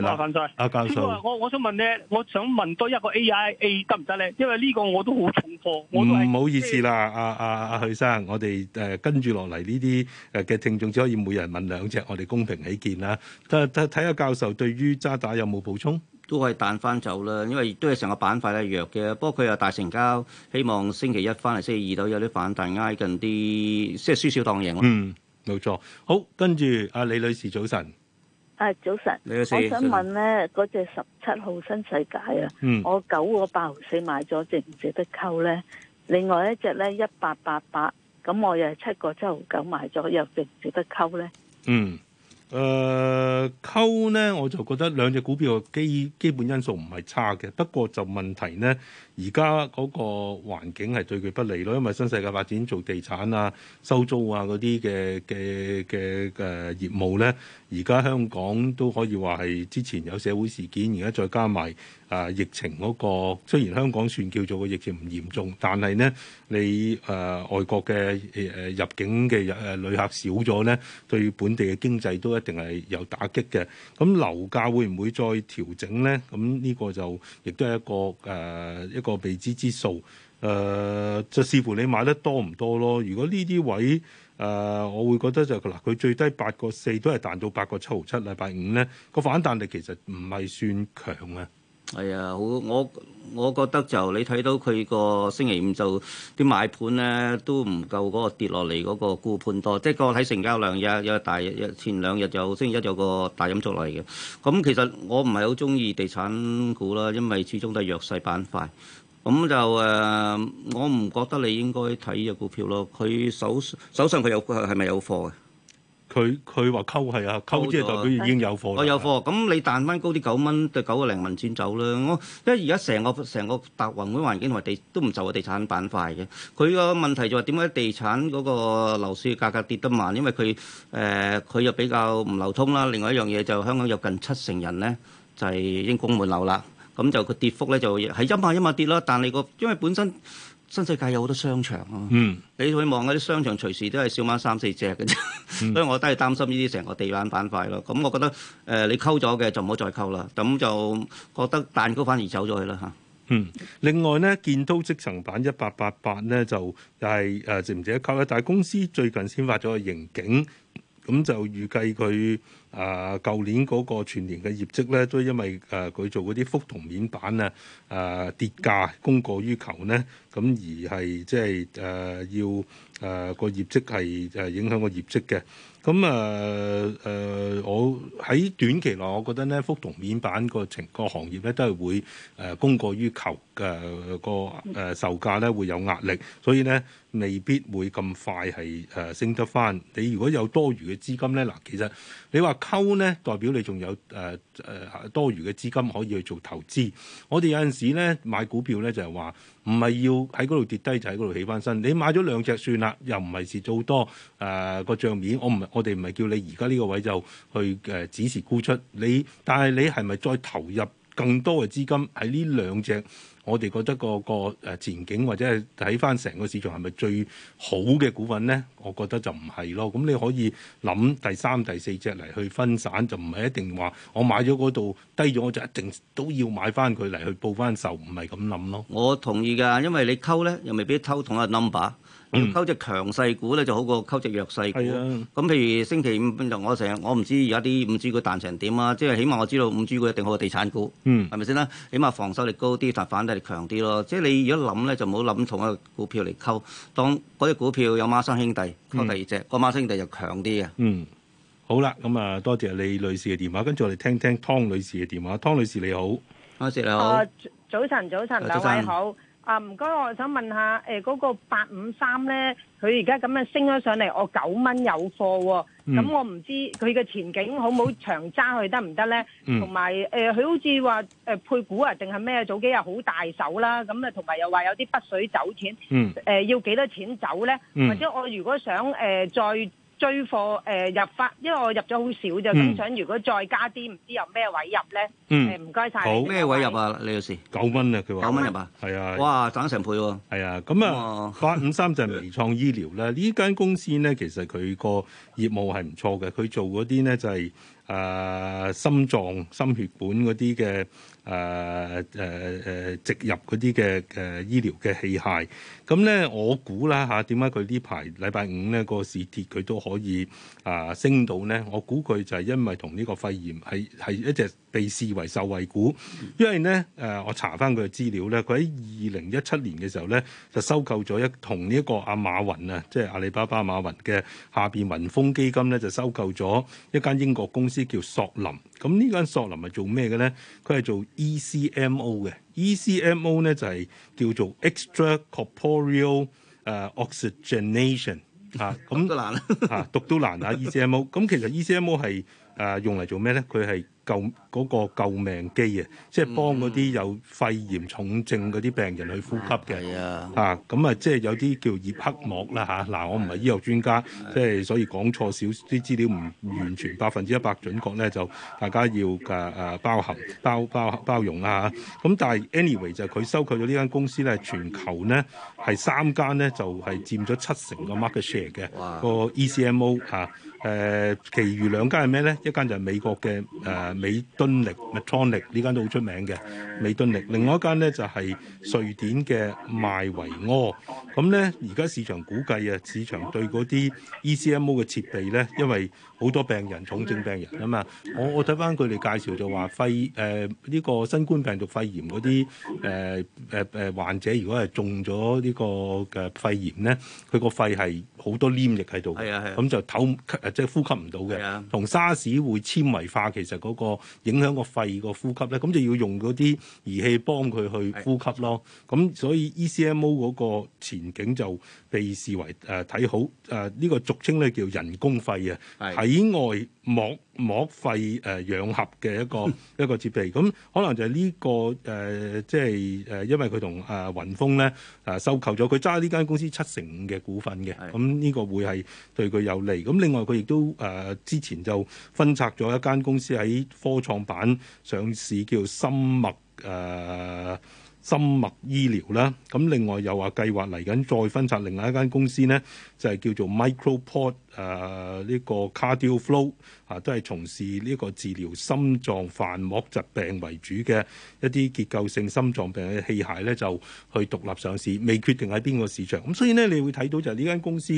啦，師傅啦，教授。我我想問咧，我想問多一個 AIA 得唔得咧？因為呢個我都好重貨。我唔好意思啦，啊啊啊！生，我哋誒、呃、跟住落嚟呢啲誒嘅聽眾，只可以每人問兩隻，我哋公平起見啦。睇下教授對於渣打有冇補充？都可以彈翻走啦，因為都係成個板塊咧、啊、弱嘅。不過佢有大成交，希望星期一翻嚟，星期二都有啲反彈，挨近啲即係輸少當贏。嗯，冇錯。好，跟住阿李女士早晨。啊，早晨。你好，先生。我想問咧，嗰隻十七號新世界啊，嗯、我九個八毫四個買咗，值唔值得溝咧？另外一隻呢，一八八八，咁我又係七個周九買咗，又值唔值得溝呢？嗯。誒，溝咧，我就覺得兩隻股票嘅基基本因素唔係差嘅，不過就問題咧，而家嗰個環境係對佢不利咯，因為新世界發展做地產啊、收租啊嗰啲嘅嘅嘅嘅業務咧，而家香港都可以話係之前有社會事件，而家再加埋誒、啊、疫情嗰個，雖然香港算叫做個疫情唔嚴重，但係咧你誒、啊、外國嘅誒、啊、入境嘅，誒、啊、旅客少咗咧，對本地嘅經濟都一定係有打擊嘅，咁樓價會唔會再調整呢？咁呢個就亦都係一個誒、呃、一個未知之數，誒、呃、就視乎你買得多唔多咯。如果呢啲位誒、呃，我會覺得就嗱、是，佢最低八個四都係彈到八個七毫七，禮拜五呢。個反彈力其實唔係算強啊。係啊、哎，好我我覺得就你睇到佢個星期五就啲買盤咧都唔夠嗰個跌落嚟嗰個沽盤多，即係個睇成交量有大有大，前兩日就星期一有一個大陰燭嚟嘅。咁、嗯、其實我唔係好中意地產股啦，因為始終都係弱勢板塊。咁、嗯、就誒、呃，我唔覺得你應該睇依隻股票咯。佢手手上佢有係咪有貨嘅？佢佢話溝，係啊，溝，即係代表已經有貨啦。我有貨，咁、嗯、你彈翻高啲九蚊，對九個零蚊錢走啦。我因為而家成個成個達運會環境同埋地都唔就個地產板塊嘅。佢個問題就係點解地產嗰個樓市價格跌得慢？因為佢誒佢又比較唔流通啦。另外一樣嘢就香港有近七成人咧就係已經供滿樓啦。咁就個跌幅咧就係、是、陰下陰下跌啦。但你、那個因為本身。新世界有好多商場啊，嗯、你去望嗰啲商場，隨時都係小貓三四隻嘅啫，嗯、 所以我都係擔心呢啲成個地板板塊咯。咁我覺得誒、呃、你溝咗嘅就唔好再溝啦。咁就覺得彈高反而走咗去啦嚇。嗯，另外呢，建滔積層板一八八八呢，就係誒、呃、值唔值得溝咧？但係公司最近先發咗個盈警，咁就預計佢。啊，舊年嗰個全年嘅業績咧，都因為誒佢做嗰啲覆銅面板啊，啊、呃、跌價供過於求咧，咁而係即係誒要誒個、呃、業績係誒影響個業績嘅。咁啊誒，我喺短期內，我覺得咧覆銅面板個情個行業咧都係會誒供過於求嘅，個誒售價咧會有壓力，所以咧。未必會咁快係誒、呃、升得翻。你如果有多餘嘅資金咧，嗱，其實你話溝咧，代表你仲有誒誒、呃呃、多餘嘅資金可以去做投資。我哋有陣時咧買股票咧就係、是、話，唔係要喺嗰度跌低就喺嗰度起翻身。你買咗兩隻算啦，又唔係蝕做多誒個、呃、帳面。我唔，我哋唔係叫你而家呢個位就去誒、呃、指示沽出你。但係你係咪再投入更多嘅資金喺呢兩隻？我哋覺得個個前景或者係睇翻成個市場係咪最好嘅股份咧？我覺得就唔係咯。咁你可以諗第三、第四隻嚟去分散，就唔係一定話我買咗嗰度低咗，我就一定都要買翻佢嚟去報翻售，唔係咁諗咯。我同意㗎，因為你溝咧又未必溝同一 number。溝隻、嗯、強勢股咧就好過溝隻弱勢股。咁譬的、嗯、如星期五，我成日我唔知而家啲五 G 股彈成點啊！即係起碼我知道五 G 股，股一定好過地產股，係咪先啦？起碼防守力高啲，但反彈力強啲咯。即係你如果諗咧，就唔好諗同一個股票嚟溝，當嗰隻股票有孖生兄弟，溝第二隻、嗯、個孖生兄弟就強啲啊。嗯，好啦，咁啊，多謝李女士嘅電話，跟住我哋聽聽湯女士嘅電話。湯女士你好，阿你好、呃。早晨，早晨，早安好。啊，唔該、嗯，我想問下，誒嗰個八五三咧，佢而家咁樣升咗上嚟，我九蚊有貨喎，咁我唔知佢嘅前景好唔好長揸佢得唔得咧？同埋誒，佢好似話誒配股啊，定係咩？早幾日好大手啦，咁啊，同埋又話有啲不水走錢，誒要幾多錢走咧？或者我如果想誒、呃、再？追貨誒、呃、入翻，因為我入咗好少就咁、嗯、想如果再加啲，唔知有咩位入咧？誒唔該晒，呃、好咩位入啊？李老師，九蚊啊，佢話九蚊入啊？係啊，哇，賺成倍喎。係啊，咁啊，八五三就係微創醫療啦。呢間 公司咧，其實佢個業務係唔錯嘅，佢做嗰啲咧就係、是、誒、呃、心臟、心血管嗰啲嘅誒誒誒植入嗰啲嘅誒醫療嘅器械。咁咧我估啦嚇，點解佢呢排禮拜五咧、那個市跌佢都可以誒、呃、升到咧？我估佢就係因為同呢個肺炎係係一隻，被視為受惠股，因為咧誒，我查翻佢嘅資料咧，佢喺二零一七年嘅時候咧就收購咗一同呢一個阿馬雲啊，即係阿里巴巴馬雲嘅下邊雲鋒基金咧就收購咗一間英國公司叫索林。咁呢間索林係做咩嘅咧？佢係做 ECMO 嘅。ECMO 咧就係叫做 extra corporeal 誒 oxygenation 啊，咁嚇、 啊、讀都難啊 ECMO。咁、 啊啊、EC 其實 ECMO 係誒、啊、用嚟做咩咧？佢係救嗰、那個救命機啊，即係幫嗰啲有肺炎重症嗰啲病人去呼吸嘅，啊咁、mm hmm. 啊，即係有啲叫葉克膜啦嚇。嗱、啊，我唔係醫學專家，mm hmm. 即係所以講錯少啲資料唔完全百分之一百準確咧，就大家要嘅誒、啊、包含、包包包容啦嚇。咁、啊、但係 anyway 就佢收購咗呢間公司咧，全球咧係三間咧就係、是、佔咗七成嘅 market share 嘅個 ECMO 嚇、啊。誒，其餘兩間係咩咧？一間就係美國嘅誒、啊、美敦力、麥、啊、當力呢間都好出名嘅美敦力，另外一間咧就係、是、瑞典嘅麥維柯。咁、嗯、咧，而家市場估計啊，市場對嗰啲 ECMO 嘅設備咧，因為好多病人重症病人啊嘛、嗯嗯。我我睇翻佢哋介紹就話肺誒呢個新冠病毒肺炎嗰啲誒誒誒患者，如果係中咗呢個嘅肺炎咧，佢個肺係好多黏液喺度嘅，咁就唞。即係呼吸唔到嘅，同沙士會纖維化，其實個影響個肺個呼吸咧，咁就要用嗰啲儀器幫佢去呼吸咯。咁是的 所以 ECMO 個前景就被視為誒睇好誒呢個俗稱咧叫人工肺啊，體外膜膜肺誒氧、呃、合嘅一個是的 一個設備，咁可能就係呢、呢個誒即係誒因為佢同誒雲峰咧誒、呃、收購咗，佢揸呢間公司七成五嘅股份嘅，咁呢的個會係對佢有利。咁另外佢。亦都誒、呃、之前就分拆咗一間公司喺科創板上市叫做，叫心脈誒心脈醫療啦。咁另外又話計劃嚟緊再分拆另外一間公司咧，就係、是、叫做 MicroPort 誒呢、uh, 個 CardioFlow 啊，都係從事呢個治療心臟瓣膜疾病為主嘅一啲結構性心臟病嘅器械咧，就去獨立上市，未決定喺邊個市場。咁所以呢，你會睇到就係呢間公司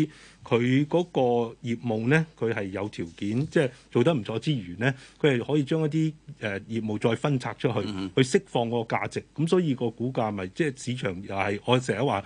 佢嗰個業務咧，佢係有條件，即係做得唔錯之餘呢，佢係可以將一啲誒、呃、業務再分拆出去，去釋放個價值。咁所以個股價咪、就是、即係市場又係我成日話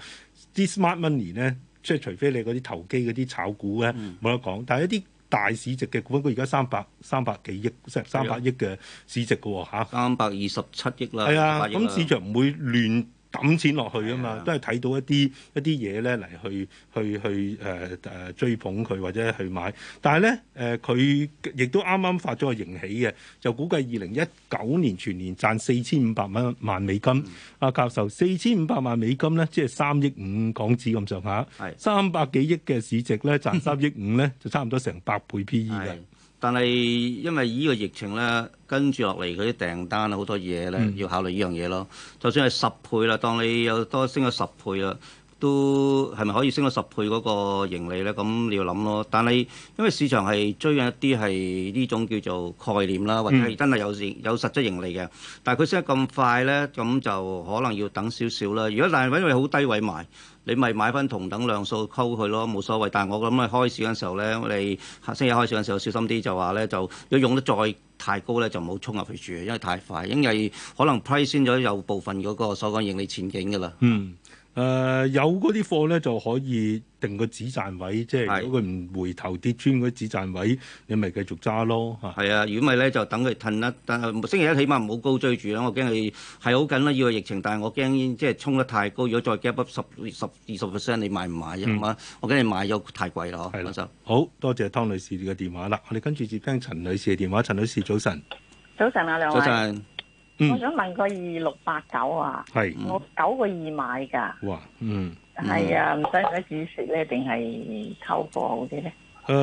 啲 Smart Money 呢。即係除非你嗰啲投機嗰啲炒股咧冇、嗯、得講，但係一啲大市值嘅股份 300, 300，包括而家三百三百幾億、三百億嘅市值㗎吓，三百二十七億啦，係啊，咁的市場唔會亂。抌錢落去啊嘛，都係睇到一啲一啲嘢咧嚟去去去誒誒、呃、追捧佢或者去買，但係咧誒佢亦都啱啱發咗個盈喜嘅，就估計二零一九年全年賺四千五百蚊萬美金。阿、嗯、教授四千五百萬美金咧，即係三億五港紙咁上下，三百幾億嘅市值咧賺三億五咧、嗯，就差唔多成百倍 P E 嘅。是但係因為呢個疫情咧，跟住落嚟佢啲訂單好多嘢咧，嗯、要考慮呢樣嘢咯。就算係十倍啦，當你有多升咗十倍啦，都係咪可以升到十倍嗰個盈利咧？咁你要諗咯。但係因為市場係追緊一啲係呢種叫做概念啦，或者真係有有實質盈利嘅，嗯、但係佢升得咁快咧，咁就可能要等少少啦。如果但係揾位好低位買。你咪買翻同等量數溝佢咯，冇所謂。但係我諗啊，開市嘅時候咧，我哋星期一開市嘅時候小心啲，就話咧就，如果用得再太高咧，就唔好衝入去住，因為太快，因為可能 price 先咗有部分嗰、嗰個所講盈利前景㗎啦。嗯。誒、呃、有嗰啲貨咧，就可以定個止賺位，即係如果佢唔回頭跌穿嗰止賺位，你咪繼續揸咯嚇。係啊，如果咪咧就等佢褪啦。但係星期一起碼唔好高追住啦，我驚佢係好緊啦，要為疫情，但係我驚即係衝得太高，如果再 gap up 十十二十 percent，你買唔買啊嘛？我驚你買咗太貴咯嗬。係啦，好多謝湯女士嘅電話啦，我哋跟住接聽陳女士嘅電話。陳女士早晨，早晨啊兩位。早晨。嗯、我想問個二六八九啊，是我九個二買㗎。哇，嗯，係、嗯、啊，唔使唔使主食咧，定係溝貨嗰啲咧？誒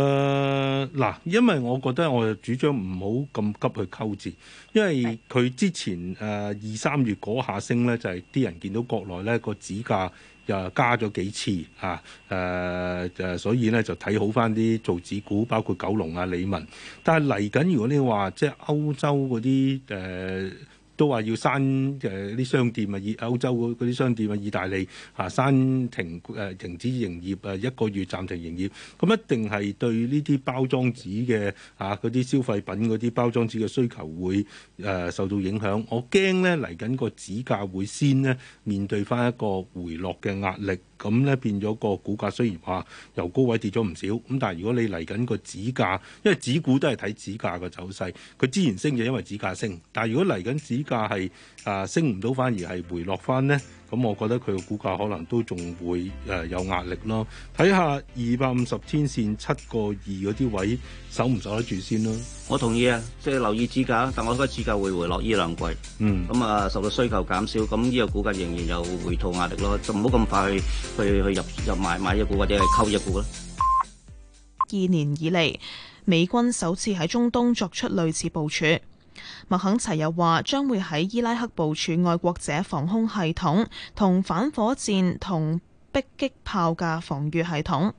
嗱、呃，因為我覺得我係主張唔好咁急去溝字，因為佢之前誒二三月嗰下升咧，就係、是、啲人見到國內咧個紙價又加咗幾次嚇誒誒，所以咧就睇好翻啲造紙股，包括九龍啊、理文。但係嚟緊，如果你話即係歐洲嗰啲誒。呃都話要刪誒啲商店啊，歐洲嗰啲商店啊，意大利嚇刪停誒、呃、停止營業啊，一個月暫停營業，咁、嗯、一定係對呢啲包裝紙嘅嚇嗰啲消費品嗰啲包裝紙嘅需求會誒、呃、受到影響。我驚咧嚟緊個紙價會先咧面對翻一個回落嘅壓力。咁咧變咗個股價，雖然話由高位跌咗唔少，咁但係如果你嚟緊個指價，因為指股都係睇指價嘅走勢，佢之前升就因為指價升，但係如果嚟緊指價係啊升唔到，反而係回落翻呢。咁我覺得佢嘅股價可能都仲會誒有壓力咯，睇下二百五十天線七個二嗰啲位守唔守得住先咯。我同意啊，即係留意支價啊，但我覺得支價會回落呢兩季。嗯，咁啊，受到需求減少，咁呢個股價仍然有回吐壓力咯，就唔好咁快去去去入入買買一股或者係溝一股啦。二年以嚟，美軍首次喺中東作出類似部署。麥肯齊又話，將會喺伊拉克部署愛國者防空系統同反火箭同迫擊炮嘅防禦系統。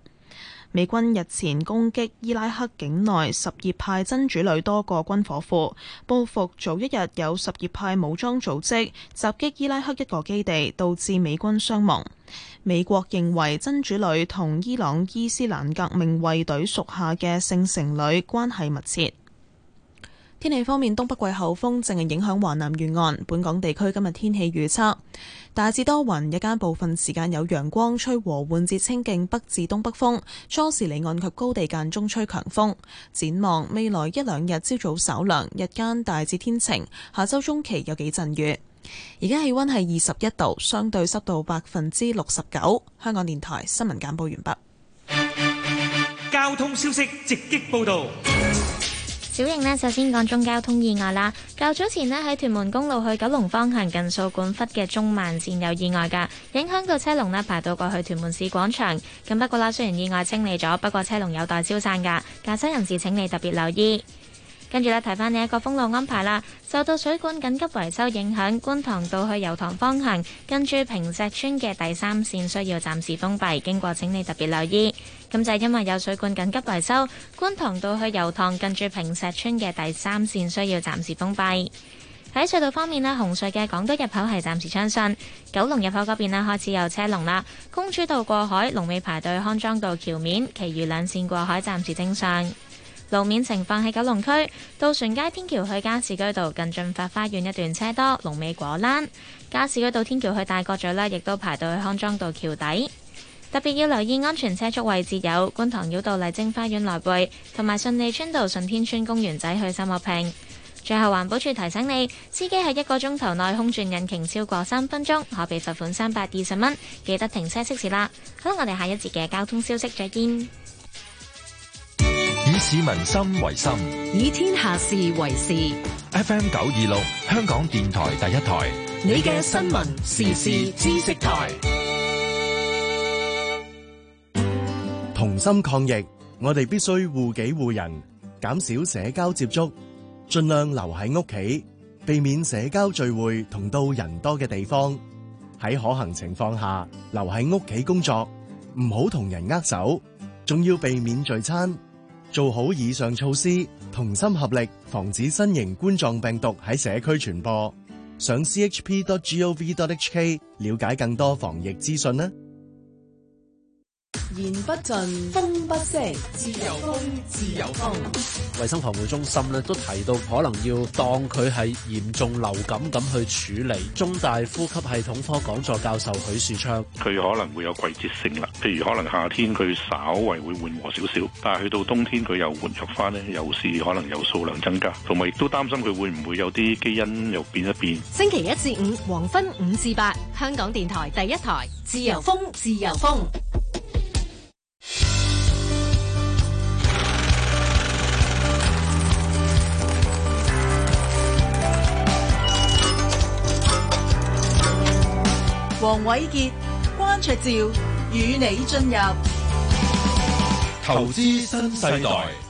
美軍日前攻擊伊拉克境內什葉派真主旅多個軍火庫，報復早一日有什葉派武裝組織襲擊伊拉克一個基地，導致美軍傷亡。美國認為真主旅同伊朗伊斯蘭革命衛隊屬下嘅聖城旅關係密切。天氣方面，東北季候風正係影響華南沿岸，本港地區今日天氣預測大致多雲，日間部分時間有陽光，吹和緩至清勁北至東北風，初時離岸及高地間中吹強風。展望未來一兩日，朝早稍涼，日間大致天晴，下周中期有幾陣雨。而家氣温係二十一度，相對濕度百分之六十九。香港電台新聞簡報完畢。交通消息直擊報道。小瑩呢，首先講中交通意外啦。較早前呢，喺屯門公路去九龍方向近掃管笏嘅中慢線有意外嘅，影響個車龍呢排到過去屯門市廣場。咁不過啦，雖然意外清理咗，不過車龍有待消散噶，駕駛人士請你特別留意。跟住咧睇翻呢一個封路安排啦，受到水管緊急維修影響，觀塘道去油塘方向跟住平石村嘅第三線需要暫時封閉，經過請你特別留意。咁就係因為有水管緊急維修，觀塘到去油塘近住坪石邨嘅第三線需要暫時封閉。喺隧道方面咧，紅隧嘅港島入口係暫時暢順。九龍入口嗰邊咧，開始有車龍啦。公主道過海龍尾排到去康莊道橋面，其餘兩線過海暫時正常。路面情況喺九龍區，渡船街天橋去加士居道近俊發花園一段車多，龍尾果欄。加士居道天橋去大角咀呢，亦都排到去康莊道橋底。特別要留意安全車速位置，有觀塘繞道麗晶花園內背，同埋順利村道順天村公園仔去三樂坪。最後環保處提醒你，司機喺一個鐘頭內空轉引擎超過三分鐘，可被罰款三百二十蚊。記得停車熄匙啦。好啦，我哋下一節嘅交通消息再見。以市民心為心，以天下事為事。F M 九二六香港電台第一台，你嘅新聞時事知識台。同心抗疫，我哋必須護己護人，減少社交接觸，盡量留喺屋企，避免社交聚會同到人多嘅地方。喺可行情況下，留喺屋企工作，唔好同人握手，仲要避免聚餐。做好以上措施，同心合力，防止新型冠狀病毒喺社區傳播。上 chp.gov.hk 了解更多防疫資訊啦。言不盡，風不息，自由風，自由風。 衛生防護中心呢都提到，可能要當佢係嚴重流感咁去處理。中大呼吸系統科講座教授許樹昌：佢可能會有季節性啦，譬如可能夏天佢稍微會緩和少少，但係去到冬天佢又活躍翻。呢又是可能有數量增加，同埋亦都擔心佢會唔會有啲基因又變一變。星期一至五黃昏五至八，香港電台第一台，自由風，自由風。黃瑋傑、關焯照與你進入投資新世代。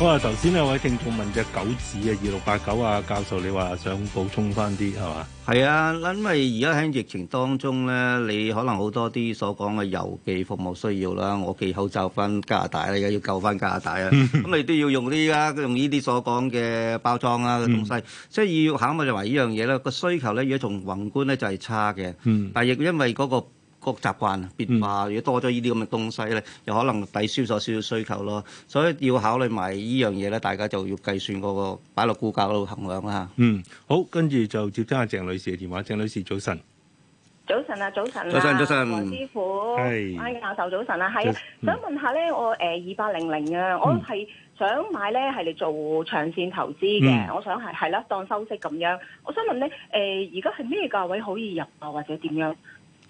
我話頭先呢位聽眾問隻玖紙啊，二六八九啊，教授你話想補充翻啲係嘛？係啊，因為而家喺疫情當中咧，你可能好多啲所講嘅郵寄服務需要啦，我寄口罩翻加拿大咧，而家要救翻加拿大啊，咁你都要用啲而家用呢啲所講嘅包裝啊嘅東西，即係要肯我哋話呢樣嘢咧，個需求咧，如果從宏觀咧就係差嘅，嗯，但亦因為嗰個。個習慣啊，變化如果多咗呢啲咁嘅東西咧，又可能抵消咗少少需求咯。所以要考慮埋依樣嘢咧，大家就要計算嗰個擺落股價嗰個衡量啦。嗯，好，跟住就接聽阿鄭女士嘅電話。鄭女士早晨，早晨啊，早晨，早晨，黃師傅，係，阿教授早晨啊，係，想問下咧，我誒二八零零啊，我係想買咧，係嚟做長線投資嘅，我想係係啦，當收息咁樣。我想問咧，誒，而家係咩價位可以入啊，或者點樣？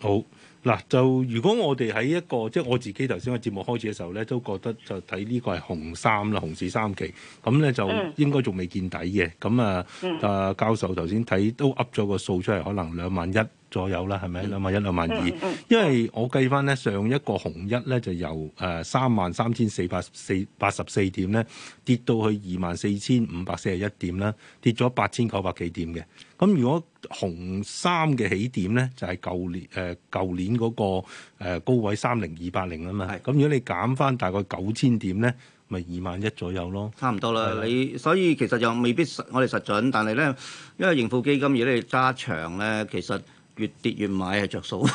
好。嗱、啊，就如果我哋喺一個即係我自己頭先個節目開始嘅時候咧，都覺得就睇呢個係紅三啦，紅市三期，咁咧就應該仲未見底嘅，咁啊，阿、嗯啊、教授頭先睇都噏咗個數出嚟，可能兩萬一。左右啦，係咪兩萬一兩萬二？因為我計翻咧，上一個紅一咧就由誒三萬三千四百四八十四點咧跌到去二萬四千五百四十一點啦，跌咗八千九百幾點嘅。咁如果紅三嘅起點咧，就係舊年誒舊年嗰個高位三零二八零啊嘛。係咁，如果你減翻大概九千點咧，咪二萬一左右咯，差唔多啦。吧你所以其實又未必實我哋實準，但係咧，因為盈富基金如果你揸長咧，其實。越跌越買係著數，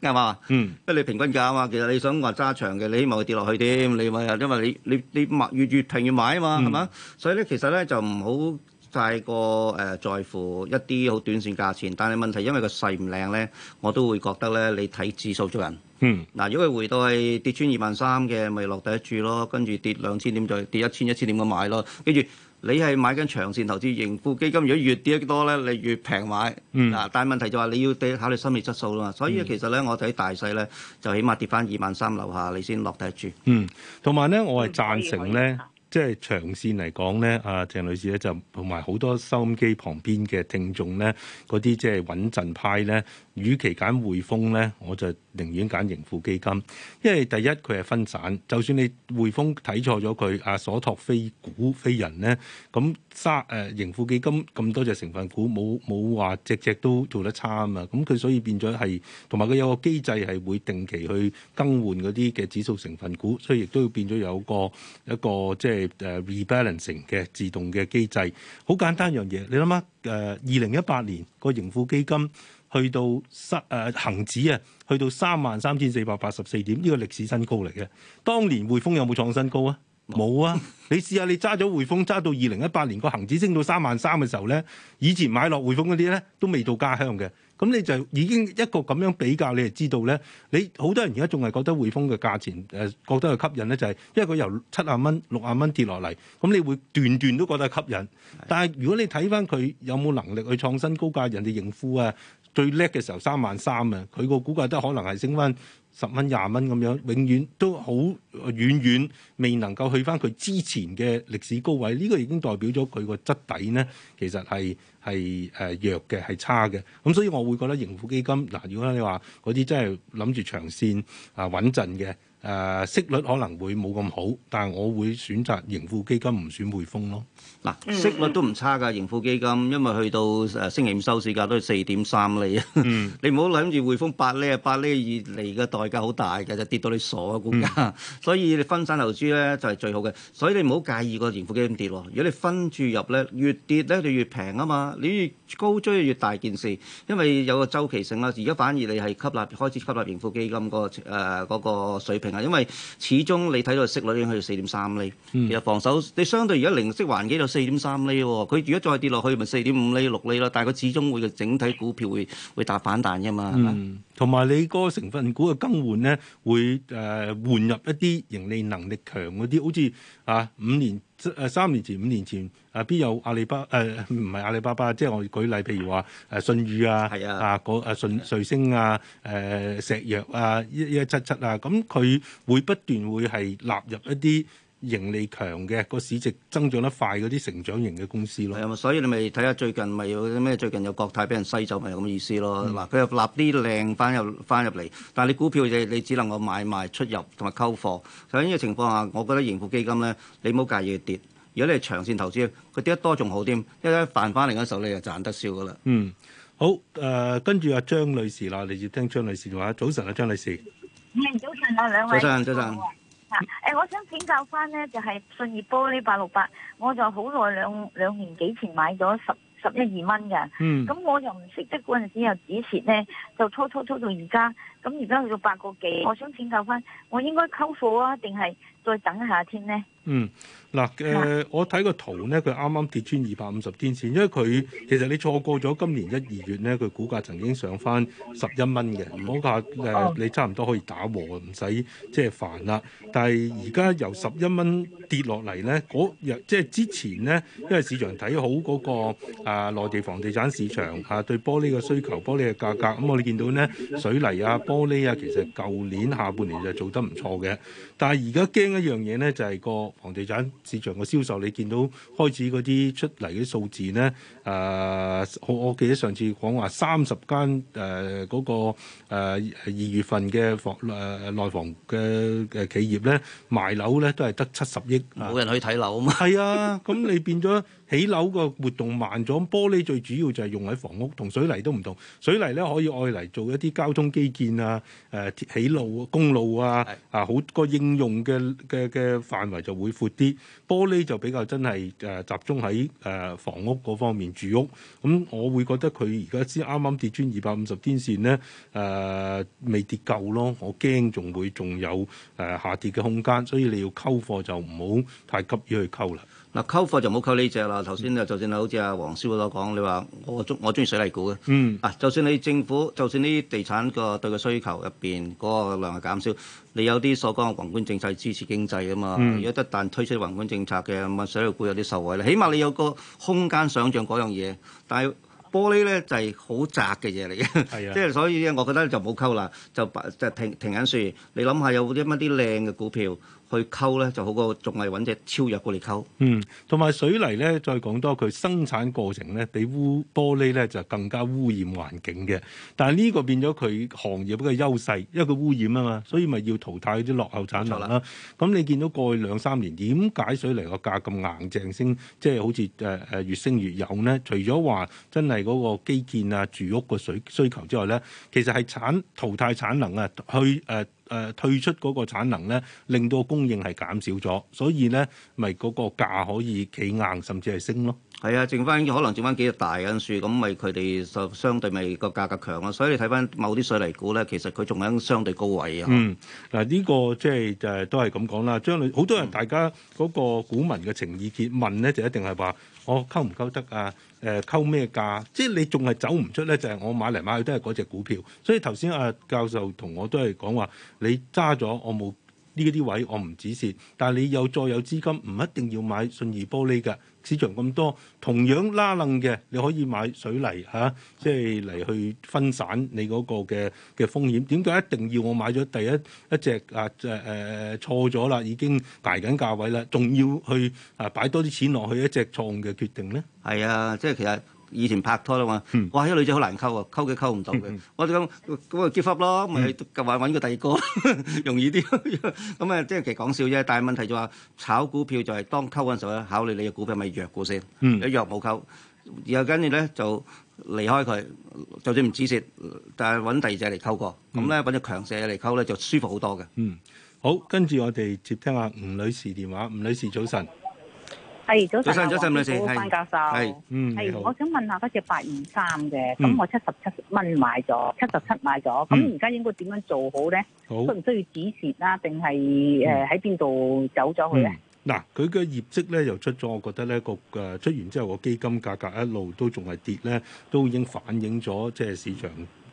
啱嘛？因為你平均價啊嘛，其實你想話揸長嘅，你希望佢跌落去啲，你咪因為你你你越越平越買啊嘛，係嘛、嗯？所以咧，其實咧就唔好太過誒、呃、在乎一啲好短線價錢，但係問題因為個勢唔靚咧，我都會覺得咧，你睇指數做人。嗱、嗯啊，如果佢回到去跌穿二萬三嘅，咪落第一注咯，跟住跌兩千點就跌一千一千點咁買咯，跟住。你係買緊長線投資盈富基金，如果越跌得多咧，你越平買。嗱、嗯，但係問題就話你要睇考慮心理質素啦嘛。所以其實咧，我睇大勢咧，就起碼跌翻二萬三樓下，你先落得住。嗯，同埋咧，我係贊成咧，即係長線嚟講咧，啊鄭女士咧就同埋好多收音機旁邊嘅聽眾咧，嗰啲即係穩陣派咧。與其揀匯豐咧，我就寧願揀盈富基金，因為第一佢係分散，就算你匯豐睇錯咗佢啊，所託非股非人咧，咁三誒盈富基金咁多隻成分股，冇冇話隻隻都做得差啊嘛。咁佢所以變咗係，同埋佢有個機制係會定期去更換嗰啲嘅指數成分股，所以亦都要變咗有個一個即係誒 rebalancing 嘅自動嘅機制。好簡單一樣嘢，你諗下，誒，二零一八年個盈富基金。去到三誒、呃、恆指啊，去到三萬三千四百八十四點，呢、這個歷史新高嚟嘅。當年匯豐有冇創新高啊？冇啊！ 你試下你揸咗匯豐揸到二零一八年個恒指升到三萬三嘅時候咧，以前買落匯豐嗰啲咧都未到家鄉嘅。咁你就已經一個咁樣比較，你就知道咧。你好多人而家仲係覺得匯豐嘅價錢誒、呃、覺得係吸引咧，就係、是、因為佢由七啊蚊六啊蚊跌落嚟，咁你會段段都覺得係吸引。但係如果你睇翻佢有冇能力去創新高價，人哋盈富啊？最叻嘅時候三萬三啊！佢個估計都可能係升翻十蚊廿蚊咁樣，永遠都好遠遠未能夠去翻佢之前嘅歷史高位。呢、呢個已經代表咗佢個質底咧，其實係係誒弱嘅，係差嘅。咁所以我會覺得盈富基金嗱、呃，如果你話嗰啲真係諗住長線啊穩陣嘅。呃誒息率可能會冇咁好，但係我會選擇盈富基金唔選匯豐咯。嗱，息率都唔差㗎，盈富基金，因為去到誒星期五收市價都係四點三釐啊。你唔好諗住匯豐八釐啊，八釐二釐嘅代價好大㗎，啫跌到你傻啊，股價。所以你分散投資咧就係最好嘅。所以你唔好介意個盈富基金跌喎，如果你分注入咧，越跌咧你越平啊嘛。你越高追越大件事，因為有個週期性啦。而家反而你係吸納開始吸納盈富基金個誒嗰個水平。因為始終你睇到息率已經去到四點三厘，嗯、其實防守你相對而家零息環境就四點三厘喎，佢如果再跌落去咪四點五厘六厘咯，但係佢始終會整體股票會會大反彈嘅嘛，係嘛、嗯？同埋你個成分股嘅更換咧，會誒換、呃、入一啲盈利能力強嗰啲，好似啊五年誒三年前五年前。啊！邊有阿里巴巴？唔、呃、係阿里巴巴，即係我舉例，譬如話誒信譽啊，啊個誒瑞星啊，誒、啊、石藥啊，一一,一七七啊，咁佢會不斷會係納入一啲盈利強嘅個市值增長得快嗰啲成長型嘅公司咯。係啊，所以你咪睇下最近咪有啲咩？最近有國泰俾人篩走，咪咁嘅意思咯。嗱、啊，佢又立啲靚翻入翻入嚟，但係你股票你只能夠買賣出入同埋溝貨。先呢個情況下，我覺得盈富基金咧，你唔好介意佢跌。如果你係長線投資，佢跌得多仲好添，一翻翻嚟嗰手你就又賺得少噶啦。嗯，好誒，跟住阿張女士啦，你要聽張女士嘅話。早晨啊，張女士，早晨啊，兩位，早晨，早晨。誒好，晨我想請教翻咧，就係、是、信義玻璃八六八，我就好耐兩兩年幾前買咗十十一二蚊嘅，嗯，咁我就唔識得嗰陣時又止蝕咧，就拖拖拖到而家。咁而家去到八個幾？我想請教翻，我應該溝貨啊，定係再等下添呢？嗯，嗱，誒，我睇個圖咧，佢啱啱跌穿二百五十天線，因為佢其實你錯過咗今年一二月咧，佢股價曾經上翻十一蚊嘅，咁、嗯、啊誒，你差唔多可以打和，唔使即係煩啦。但係而家由十一蚊跌落嚟咧，嗰日即係、就是、之前咧，因為市場睇好嗰、那個啊內地房地產市場嚇、啊、對玻璃嘅需求，玻璃嘅價格，咁、嗯、我哋見到咧水泥啊。玻璃啊，其實舊年下半年就做得唔錯嘅。但係而家驚一樣嘢咧，就係個房地產市場個銷售，你見到開始嗰啲出嚟嘅數字咧，誒、呃，我我記得上次講話三十間誒嗰個誒二、呃、月份嘅房誒內、呃、房嘅誒企業咧，賣樓咧都係得七十億，冇人去睇樓啊嘛。係 啊，咁你變咗起樓個活動慢咗，玻璃最主要就係用喺房屋，同水泥都唔同，水泥咧可以愛嚟做一啲交通基建啊，誒、啊、起路公路啊，是啊好個應。用嘅嘅嘅範圍就會闊啲，玻璃就比較真係誒集中喺誒房屋嗰方面住屋，咁我會覺得佢而家先啱啱跌穿二百五十天線咧，誒、呃、未跌夠咯，我驚仲會仲有誒、呃、下跌嘅空間，所以你要溝貨就唔好太急於去溝啦。嗱，溝貨就唔好溝呢隻啦。頭先就算啊，好似阿黃師傅所講，你話我中我中意水泥股嘅。嗯。啊，就算你政府，就算啲地產個對個需求入邊嗰個量係減少，你有啲所講嘅宏觀政策支持經濟啊嘛。嗯、如果一旦推出宏觀政策嘅，咁啊水泥股有啲受惠啦。起碼你有個空間想像嗰樣嘢。但係玻璃咧就係、是、好窄嘅嘢嚟嘅。係啊、嗯。即係 所以咧，我覺得就唔好溝啦，就停停緊説。你諗下，有啲乜啲靚嘅股票？去溝咧就好過仲係揾隻超藥過嚟溝。嗯，同埋水泥咧，再講多佢生產過程咧，比污玻璃咧就更加污染環境嘅。但係呢個變咗佢行業比較優勢，因為佢污染啊嘛，所以咪要淘汰啲落後產能啦。咁你見到過去兩三年點解水泥個價咁硬淨升，即係好似誒誒越升越有咧？除咗話真係嗰個基建啊、住屋個水需求之外咧，其實係產淘汰產能啊，去，呃，誒。呃誒退出嗰個產能咧，令到供應係減少咗，所以咧咪嗰個價可以企硬，甚至係升咯。係啊，剩翻可能剩翻幾隻大嗰陣樹，咁咪佢哋就相對咪個價格強啊。所以你睇翻某啲水泥股咧，其實佢仲係相對高位啊。嗯，嗱、這、呢個即係就係、是、都係咁講啦。將來，好多人大家嗰個股民嘅情意結問咧，就一定係話。我溝唔溝得啊？誒溝咩價？即係你仲係走唔出咧，就係、是、我買嚟買去都係嗰隻股票。所以頭先阿教授同我都係講話，你揸咗我冇呢啲位，我唔止蝕。但係你有再有資金，唔一定要買信義玻璃㗎。市場咁多同樣拉楞嘅，你可以買水泥嚇，即係嚟去分散你嗰個嘅嘅風險。點解一定要我買咗第一一隻啊誒誒、呃、錯咗啦，已經挨緊價位啦，仲要去啊擺多啲錢落去一隻錯誤嘅決定咧？係啊，即係其實。以前拍拖啦嘛，嗯、哇！啲女仔好難溝啊，溝佢溝唔到嘅，嗯、我哋咁咁咪結婚咯，咪咁話揾個第二個容易啲一，咁啊即係其實講笑啫。但係問題就話炒股票就係當溝嗰陣時候咧，考慮你嘅股票咪弱股先，一弱冇溝，然後跟住咧就離開佢，就算唔止蝕，但係揾第二隻嚟溝過，咁咧揾隻強勢嚟溝咧就舒服好多嘅。嗯，好，跟住我哋接聽下吳女士電話。吳女士早晨。係早晨，早晨上，唔該，先，范教授，係，是嗯，係是，是我想問下嗰隻八二三嘅，咁、嗯、我七十七蚊買咗，七十七買咗，咁而家應該點樣做好咧？需唔好需要止蝕啦？定係誒喺邊度走咗去咧？嗱、嗯，佢嘅、呃嗯、業績咧又出咗，我覺得咧個誒出完之後，個基金價格一路都仲係跌咧，都已經反映咗即係市場。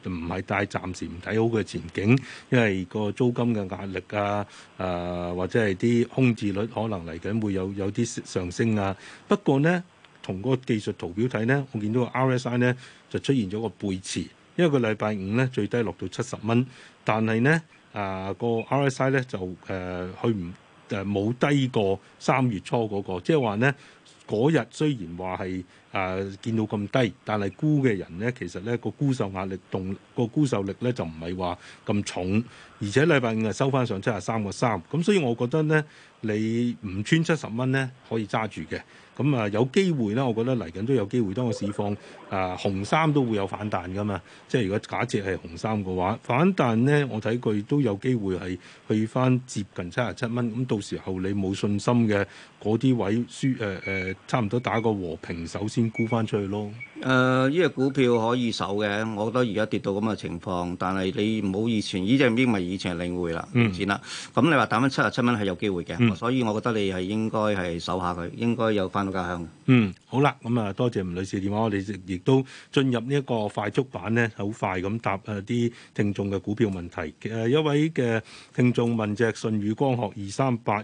唔係帶，暫時唔睇好嘅前景，因為個租金嘅壓力啊，誒、呃、或者係啲空置率可能嚟緊會有有啲上升啊。不過呢，同個技術圖表睇呢，我見到個 RSI 呢就出現咗個背馳，因為個禮拜五呢最低落到七十蚊，但係呢，誒、呃個 RSI 呢就誒去唔誒冇低過三月初嗰個，即係話呢。嗰日雖然話係誒見到咁低，但係沽嘅人咧，其實咧，個沽售壓力動個沽售力咧就唔係話咁重，而且禮拜五係收翻上七十三個三，咁所以我覺得咧，你唔穿七十蚊咧可以揸住嘅。咁啊、嗯，有機會啦！我覺得嚟緊都有機會，當個市況啊、呃、紅衫都會有反彈噶嘛。即係如果假設係紅衫嘅話，反彈咧，我睇佢都有機會係去翻接近七十七蚊。咁、嗯、到時候你冇信心嘅嗰啲位輸，輸誒誒，差唔多打個和平手先沽翻出去咯。誒依、呃這個股票可以守嘅，我覺得而家跌到咁嘅情況，但係你唔好以前，呢隻已經唔係以前領匯啦，唔見啦。咁你話打翻七十七蚊係有機會嘅，嗯、所以我覺得你係應該係守下佢，應該有翻到家鄉。嗯，好啦，咁、嗯、啊多謝吳女士電話，我哋亦都進入呢一個快速版呢，好快咁答誒啲、呃、聽眾嘅股票問題嘅、呃、一位嘅聽眾問隻舜宇光學二三八二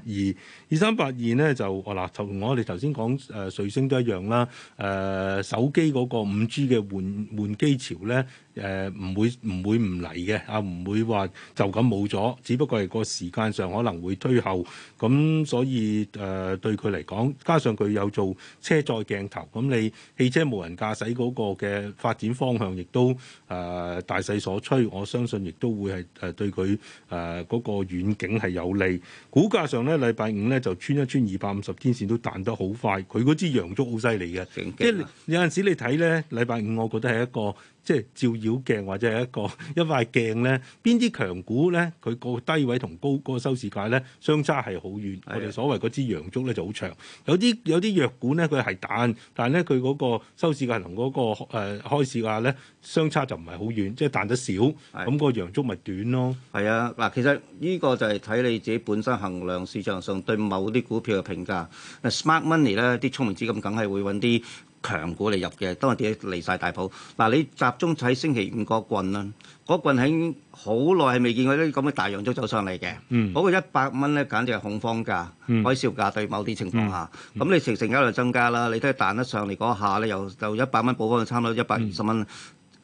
二三八二呢就嗱，同、呃、我哋頭先講誒瑞星都一樣啦，誒、呃呃、手機個五 G 嘅換換機潮咧，誒、呃、唔會唔會唔嚟嘅啊，唔會話就咁冇咗，只不過係個時間上可能會推後，咁所以誒、呃、對佢嚟講，加上佢有做車載鏡頭，咁你汽車無人駕駛嗰個嘅發展方向，亦都誒大勢所趨，我相信亦都會係誒對佢誒嗰個遠景係有利。股價上咧，禮拜五咧就穿一穿二百五十天線都彈得好快，佢支陽燭好犀利嘅，即係有陣時你睇。咧，禮拜五我覺得係一個即係照妖鏡，或者係一個一塊鏡咧。邊啲強股咧，佢個低位同高嗰的個收市價咧、那個，相差係好遠。我哋所謂嗰支陽燭咧就好長。有啲有啲弱股咧，佢係彈，但咧佢嗰個收市價同嗰個誒開市價咧，相差就唔係好遠，即係彈得少。咁的個陽燭咪短咯。係啊，嗱，其實呢個就係睇你自己本身衡量市場上對某啲股票嘅評價。Smart money 咧，啲聰明資金梗係會揾啲。強股嚟入嘅，當日跌離晒大譜。嗱、啊，你集中喺星期五嗰棍啦，嗰棍喺好耐係未見過啲咁嘅大陽燭走上嚟嘅。嗰、嗯、個一百蚊咧，簡直係恐慌價、嗯、海嘯價，對某啲情況下，咁、嗯嗯、你成成交量增加啦，你睇彈得上嚟嗰下咧，又到一百蚊，補翻去差唔多一百二十蚊，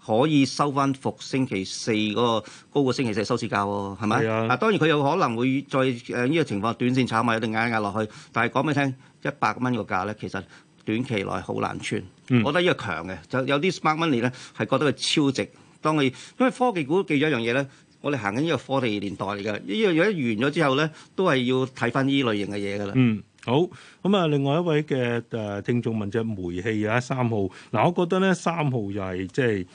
可以收翻復星期四嗰個高過星期四收市價喎，係咪？嗱、啊啊，當然佢有可能會再誒呢個情況，短線炒賣有啲壓壓落去，但係講俾你聽，一百蚊個價咧，其實。短期內好難穿，嗯、我覺得呢個強嘅，就有啲 smart money 咧係覺得佢超值。當你因為科技股記咗一樣嘢咧，我哋行緊呢個科技年代嚟㗎，呢樣嘢一完咗之後咧，都係要睇翻呢類型嘅嘢㗎啦。嗯，好。咁啊，另外一位嘅誒聽眾問隻煤氣啊，三號嗱，我覺得咧三號又係即係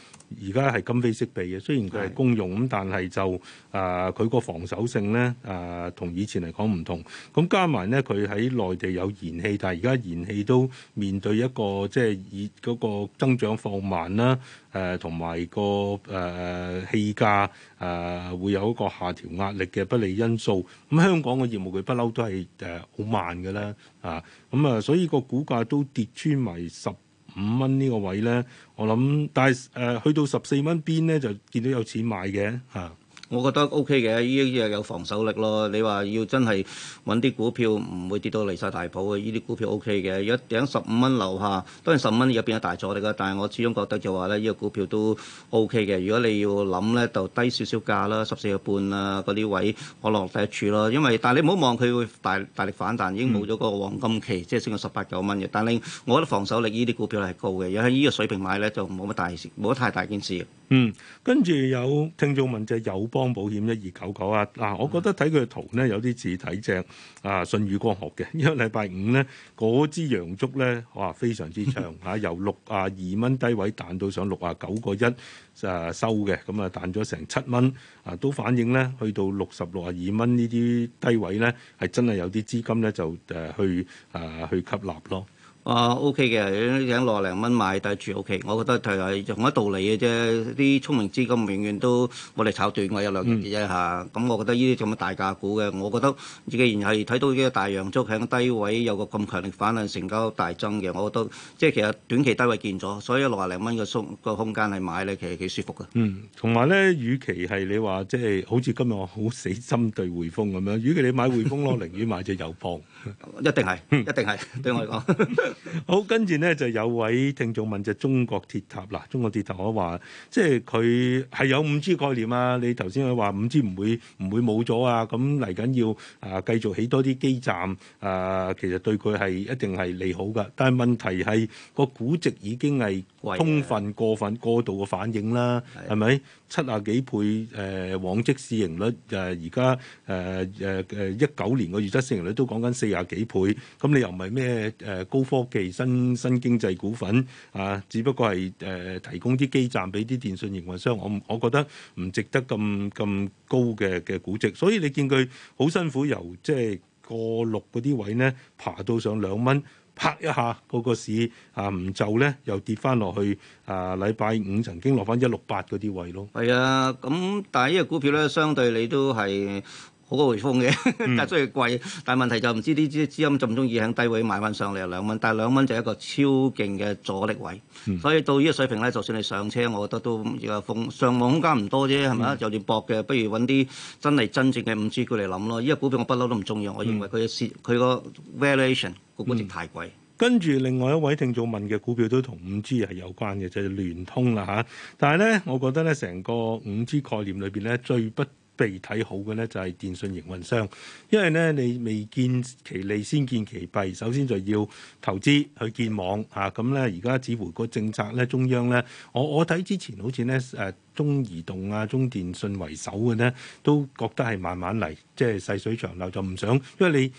而家係今非昔比嘅，雖然佢係公用咁，但係就誒佢個防守性咧誒同以前嚟講唔同。咁加埋咧，佢喺內地有燃氣，但係而家燃氣都面對一個即係以嗰個增長放慢啦，誒同埋個誒氣價誒會有一個下調壓力嘅不利因素。咁香港嘅業務佢不嬲都係誒好慢㗎啦。啊，咁啊，所以個股價都跌穿埋十五蚊呢個位咧，我諗，但係誒、呃、去到十四蚊邊咧，就見到有錢買嘅，啊。我覺得 OK 嘅，依啲嘢有防守力咯。你話要真係揾啲股票唔會跌到離晒大譜嘅，依啲股票 OK 嘅。如果頂十五蚊樓下，當然十五蚊而家變咗大阻力啦。但係我始終覺得就話咧，依個股票都 OK 嘅。如果你要諗咧，就低少少價啦，十四個半啊，嗰啲位我落第一處咯。因為但係你唔好望佢會大大力反彈，已經冇咗個黃金期，嗯、即係升到十八九蚊嘅。但你，我覺得防守力依啲股票係高嘅，如果喺依個水平買咧就冇乜大事，冇乜太大件事。嗯，跟住有聽眾問隻友邦保險一二九九啊，嗱，我覺得睇佢嘅圖咧有啲似睇隻啊，舜宇光學嘅，因為禮拜五咧嗰支陽燭咧哇非常之長嚇，啊，由六啊二蚊低位彈到上六啊九個一啊收嘅，咁啊彈咗成七蚊啊，都反映咧去到六十六啊二蚊呢啲低位咧係真係有啲資金咧就誒去啊去吸納咯。啊、uh, OK 嘅，想六廿零蚊買，但住 OK。我覺得就係同一道理嘅啫。啲聰明資金永遠都我哋炒短嘅一兩日啫嚇。咁、嗯嗯、我覺得呢啲咁嘅大價股嘅，我覺得既然係睇到呢啲大陽燭喺低位有個咁強力反彈，成交大增嘅，我覺得即係其實短期低位見咗，所以六廿零蚊嘅縮空間嚟買咧，其實幾舒服嘅。嗯，同埋咧，與其係你話即係好似今日我好死心對匯豐咁樣，與其你買匯豐咯，寧願買隻友邦。 一定係，一定係對我嚟講。好，跟住咧就有位聽眾問就是、中國鐵塔啦，中國鐵塔我話即係佢係有五 G 概念啊，你頭先佢話五 G 唔會唔會冇咗啊，咁嚟緊要啊繼、呃、續起多啲基站啊、呃，其實對佢係一定係利好噶，但係問題係、這個估值已經係充分過分過度嘅反應啦，係咪七啊幾倍誒、呃、往績市盈率誒而家誒誒誒一九年個預測市盈率都講緊四啊幾倍，咁你又唔係咩誒高科？其新新經濟股份啊，只不過係誒、呃、提供啲基站俾啲電信營運商，我我覺得唔值得咁咁高嘅嘅估值，所以你見佢好辛苦由即係過六嗰啲位呢，爬到上兩蚊，啪一下個、那個市啊唔就呢，又跌翻落去啊！禮拜五曾經落翻一六八嗰啲位咯，係啊，咁但係呢隻股票呢，相對你都係。好個回風嘅，但雖然貴，嗯、但問題就唔知啲資金就唔中意喺低位買翻上嚟兩蚊，但兩蚊就一個超勁嘅阻力位，嗯、所以到依個水平咧，就算你上車，我覺得都而家上望空間唔多啫，係咪？就算搏嘅，不如揾啲真係真正嘅五 G 股嚟諗咯。依、這個股票我不嬲都唔中意，我認為佢嘅市佢個 valuation 個估值太貴。嗯、跟住另外一位聽眾問嘅股票都同五 G 係有關嘅就啫、係，聯通啦嚇。但係咧，我覺得咧，成個五 G 概念裏邊咧最不被睇好嘅咧就係電信營運商，因為咧你未見其利先見其弊，首先就要投資去建網啊。咁咧而家似乎個政策咧中央咧，我我睇之前好似咧誒中移動啊、中電信為首嘅咧，都覺得係慢慢嚟，即係細水長流，就唔想因為你。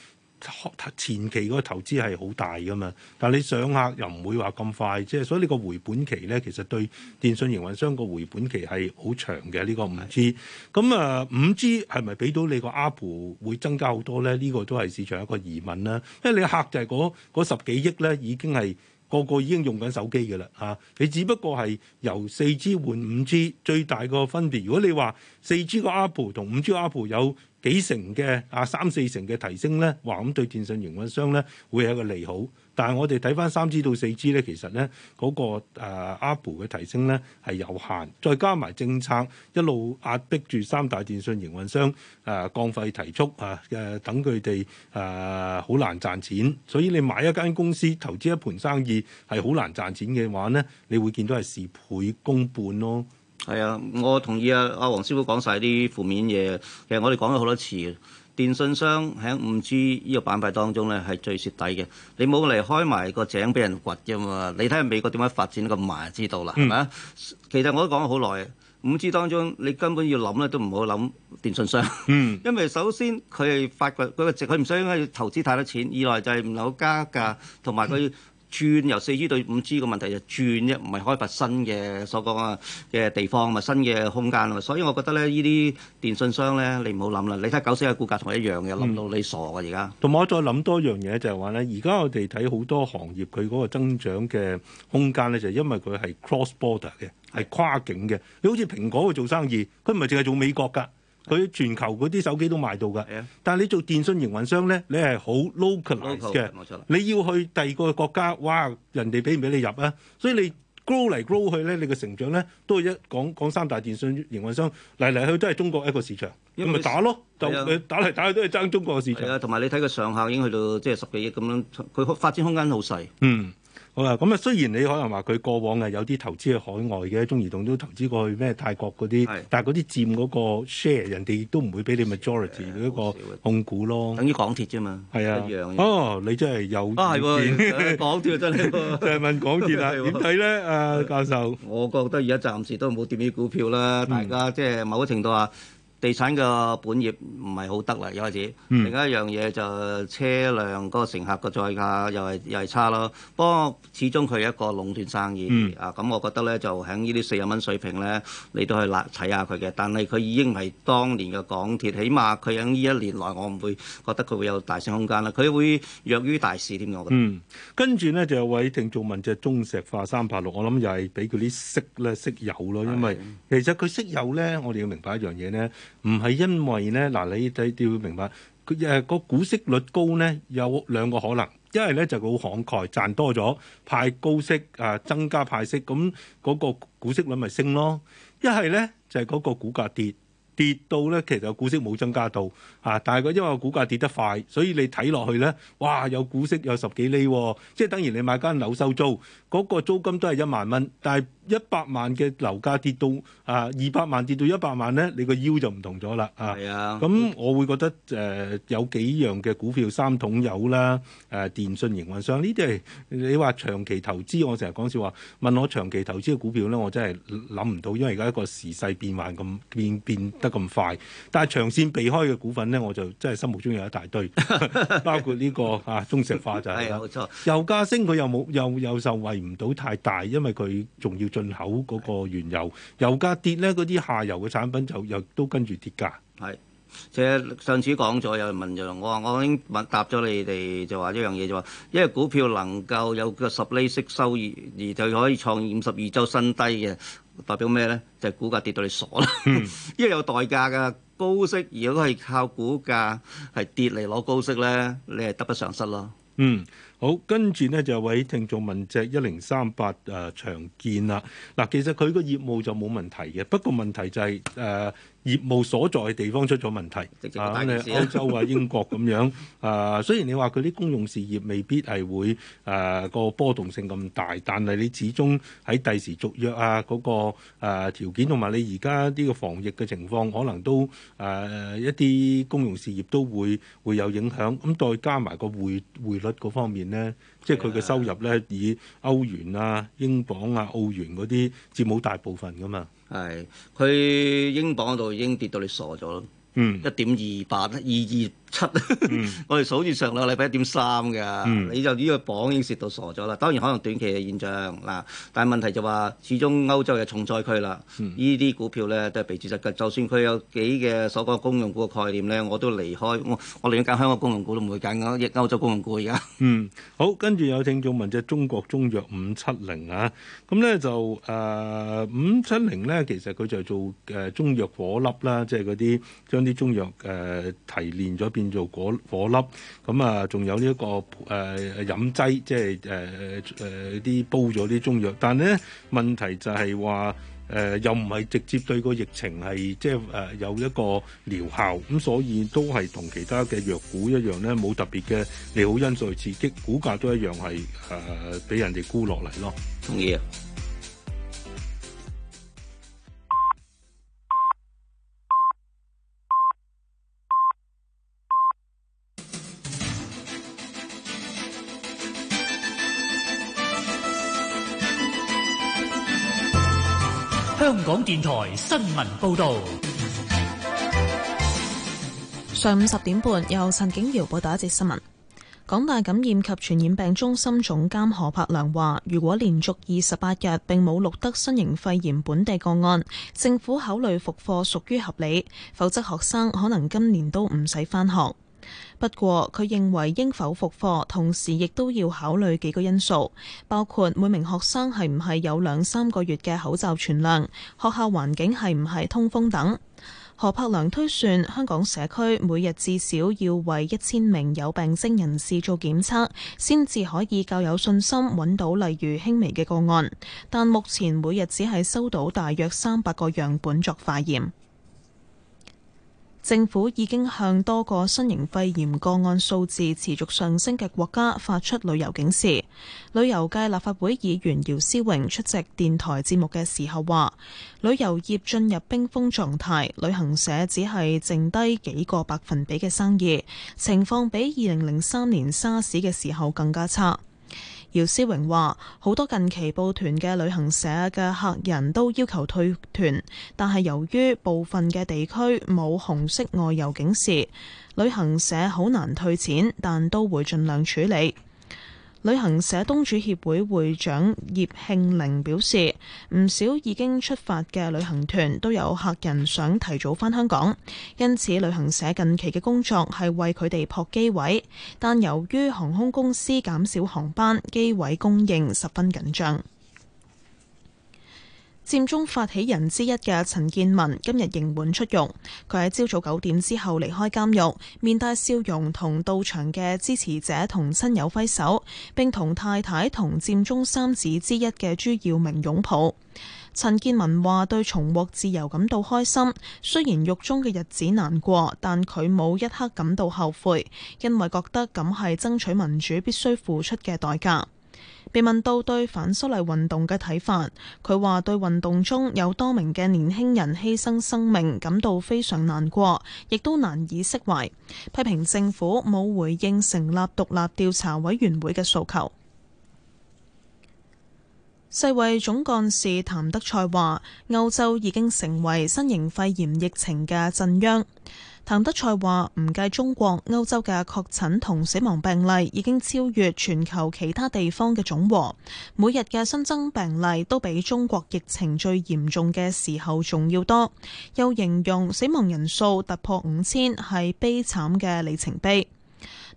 前期個投資係好大噶嘛，但係你上客又唔會話咁快，即係所以你個回本期咧，其實對電信營運商個回本期係好長嘅。呢個五 G，咁啊五 G 係咪俾到你個 ARPU 會增加好多咧？呢個都係市場一個疑問啦。因為你客就係嗰十幾億咧，已經係。個個已經用緊手機嘅啦，嚇、啊！你只不過係由四 G 換五 G，最大個分別。如果你話四 G 個 ARPU 同五 G ARPU 有幾成嘅啊三四成嘅提升咧，話咁對電信營運商咧會係一個利好。但係我哋睇翻三 G 到四 G 咧，其實咧嗰個誒 ARPU 嘅提升咧係有限，再加埋政策一路壓迫住三大電信營運商誒降費提速啊嘅，等佢哋誒好難賺錢，所以你買一間公司投資一盤生意係好難賺錢嘅話咧，你會見到係事倍功半咯。係啊，我同意啊，阿黃師傅講晒啲負面嘢，其實我哋講咗好多次嘅。電信商喺 5G 呢個板塊當中呢係最蝕底嘅，你冇嚟開埋個井俾人掘啫嘛？你睇下美國點解發展咁慢，就知道啦，係咪、嗯？其實我都講咗好耐，5G 當中你根本要諗呢都唔好諗電信商，嗯、 因為首先佢係發掘嗰個值，佢唔需要投資太多錢；二來就係唔好加價，同埋佢。轉由四 G 到五 G 個問題就轉一，唔係開發新嘅所講啊嘅地方咪新嘅空間咯，所以我覺得咧依啲電信商咧，你唔好諗啦，你睇九四嘅股價同我一樣嘅，諗到你傻㗎而家。同埋、嗯、我再諗多一樣嘢就係話咧，而家我哋睇好多行業佢嗰個增長嘅空間咧，就係、是、因為佢係 cross border 嘅，係跨境嘅。你好似蘋果去做生意，佢唔係淨係做美國㗎。佢全球嗰啲手機都賣到㗎，但係你做電信營運商咧，你係好 local 嘅，你要去第二個國家，哇，人哋俾唔俾你入啊？所以你 grow 嚟 grow 去咧，你個成長咧都係一講講三大電信營運商嚟嚟去都係中國一個市場，咁咪打咯，就打嚟打去都係爭中國嘅市場。啊，同埋你睇個上下已經去到即係十幾億咁樣，佢發展空間好細。嗯。好啊！咁啊，雖然你可能話佢過往係有啲投資去海外嘅，中移動都投資過去咩泰國嗰啲，的但係嗰啲佔嗰個 share，人哋都唔會俾你 majority 嗰個控股咯。等於港鐵啫嘛，係啊的，一樣。哦，你真係有啊，港鐵真係 就係問港鐵啦、啊。點睇咧？誒、啊，教授，我覺得而家暫時都唔好掂啲股票啦。嗯、大家即係某個程度啊。地產個本業唔係好得啦，一開始。嗯、另一樣嘢就車輛嗰個乘客個載價又係又係差咯。不過始終佢係一個壟斷生意，嗯、啊咁、嗯，我覺得咧就喺呢啲四十蚊水平咧，你都係睇下佢嘅。但係佢已經係當年嘅港鐵，起碼佢喺呢一年內，我唔會覺得佢會有大升空間啦。佢會弱於大市添，我覺得、嗯。跟住呢，就有位聽眾問就係中石化三百六，我諗又係俾佢啲息咧息油咯，是因為其實佢息油咧，我哋要明白一樣嘢咧。唔係因為咧，嗱你睇要明白，佢誒個股息率高咧有兩個可能，一係咧就佢好慷慨賺多咗派高息啊，增加派息咁嗰個股息率咪升咯；一係咧就係嗰個股價跌跌到咧，其實股息冇增加到啊，但係佢因為個股價跌得快，所以你睇落去咧，哇有股息有十幾厘，即係等於你買間樓收租嗰個租金都係一萬蚊，但係，一百萬嘅樓價跌到啊，二百萬跌到一百萬咧，你個腰就唔同咗啦。係啊，咁我會覺得誒有幾樣嘅股票三桶油啦，誒電信營運商呢啲係你話長期投資，我成日講笑話，問我長期投資嘅股票咧，我真係諗唔到，因為而家一個時勢變幻咁變變得咁快。但係長線避開嘅股份咧，我就真係心目中有一大堆，包括呢個啊 中石化就係、係、啦。係冇 錯，油價升佢又冇又又，又，又，又受惠唔到太大，因為佢仲要。進口嗰個原油，的，油價跌咧，嗰啲下游嘅產品就又都跟住跌價。係，即上次講咗有人問就我話，我已經答咗你哋，就話一樣嘢，就話，因為股票能夠有個十厘息收益，而就可以創五十二周新低嘅，代表咩咧？就係、是、股價跌到你傻啦，嗯、 因為有代價噶，高息如果係靠股價係跌嚟，攞高息咧，你係得不償失咯。嗯。好，跟住呢就有位聽眾問，隻一零三八誒，長建啦。嗱，其實佢個業務就冇問題嘅，不過問題就係、是、誒。呃業務所在嘅地方出咗問題，咁、啊啊、你歐洲啊英國咁樣， 啊雖然你話佢啲公用事業未必係會誒、啊嗰個波動性咁大，但係你始終喺第時續約啊嗰、嗰個誒、啊、條件，同埋你而家呢個防疫嘅情況，可能都誒、啊、一啲公用事業都會會有影響，咁、啊、再加埋個匯匯率嗰方面咧。即係佢嘅收入咧，以歐元啊、英鎊啊、澳元嗰啲佔好大部分噶嘛。係佢英鎊嗰度已經跌到你傻咗咯。嗯，一點二八，二二。七， 嗯、我哋數住上個禮拜一點三嘅，嗯、你就呢個榜已經蝕到傻咗啦。當然可能短期嘅現象嗱，但係問題就話、是，始終歐洲嘅重災區啦，呢啲、嗯、股票咧都係被注實嘅。就算佢有幾嘅所講公用股嘅概念咧，我都離開我。我寧願揀香港公用股都唔會揀歐洲公用股而家。嗯，好，跟住有聽眾問即係、就是、中國中藥五七零啊，咁、嗯、咧就誒五七零咧，其實佢就做誒中藥顆粒啦，即係嗰啲將啲中藥誒、呃、提煉咗。變做果果粒，咁啊、呢個，仲有呢一個誒飲劑，即係誒誒啲煲咗啲中藥。但係咧問題就係話誒又唔係直接對個疫情係即係誒、呃、有一個療效，咁所以都係同其他嘅藥股一樣咧，冇特別嘅利好因素刺激，股價都一樣係誒俾人哋沽落嚟咯。同意啊！港電台新聞報道，上午十點半，由陳景瑤報道一節新聞。港大感染及傳染病中心總監何柏良話，如果連續二十八日並冇錄得新型肺炎本地個案，政府考慮復課屬於合理，否則學生可能今年都唔使返學。不過，佢認為應否復課，同時亦都要考慮幾個因素，包括每名學生係唔係有兩三個月嘅口罩存量、學校環境係唔係通風等。何柏良推算，香港社區每日至少要為一千名有病徵人士做檢測，先至可以較有信心揾到例如輕微嘅個案，但目前每日只係收到大約三百個樣本作化驗。政府已經向多個新型肺炎個案數字持續上升嘅國家發出旅遊警示。旅遊界立法會議員姚思榮出席電台節目嘅時候話，旅遊業進入冰封狀態，旅行社只係剩低幾個百分比嘅生意，情況比二零零三年沙士嘅時候更加差。姚思榮話：好多近期報團嘅旅行社嘅客人都要求退團，但係由於部分嘅地區冇紅色外遊警示，旅行社好難退錢，但都會儘量處理。旅行社東主協會會長葉慶寧表示，唔少已經出發嘅旅行團都有客人想提早翻香港，因此旅行社近期嘅工作係為佢哋撲機位，但由於航空公司減少航班，機位供應十分緊張。佔中發起人之一嘅陳建文今日刑滿出獄，佢喺朝早九點之後離開監獄，面帶笑容同到場嘅支持者同親友揮手，並同太太同佔中三子之一嘅朱耀明擁抱。陳建文話對重獲自由感到開心，雖然獄中嘅日子難過，但佢冇一刻感到後悔，因為覺得咁係爭取民主必須付出嘅代價。被問到對反修例運動嘅睇法，佢話對運動中有多名嘅年輕人犧牲生命感到非常難過，亦都難以釋懷，批評政府冇回應成立獨立調查委員會嘅訴求。世衞總幹事譚德塞話，歐洲已經成為新型肺炎疫情嘅震央。譚德賽話：唔計中國，歐洲嘅確診同死亡病例已經超越全球其他地方嘅總和，每日嘅新增病例都比中國疫情最嚴重嘅時候仲要多。又形容死亡人數突破五千係悲慘嘅里程碑。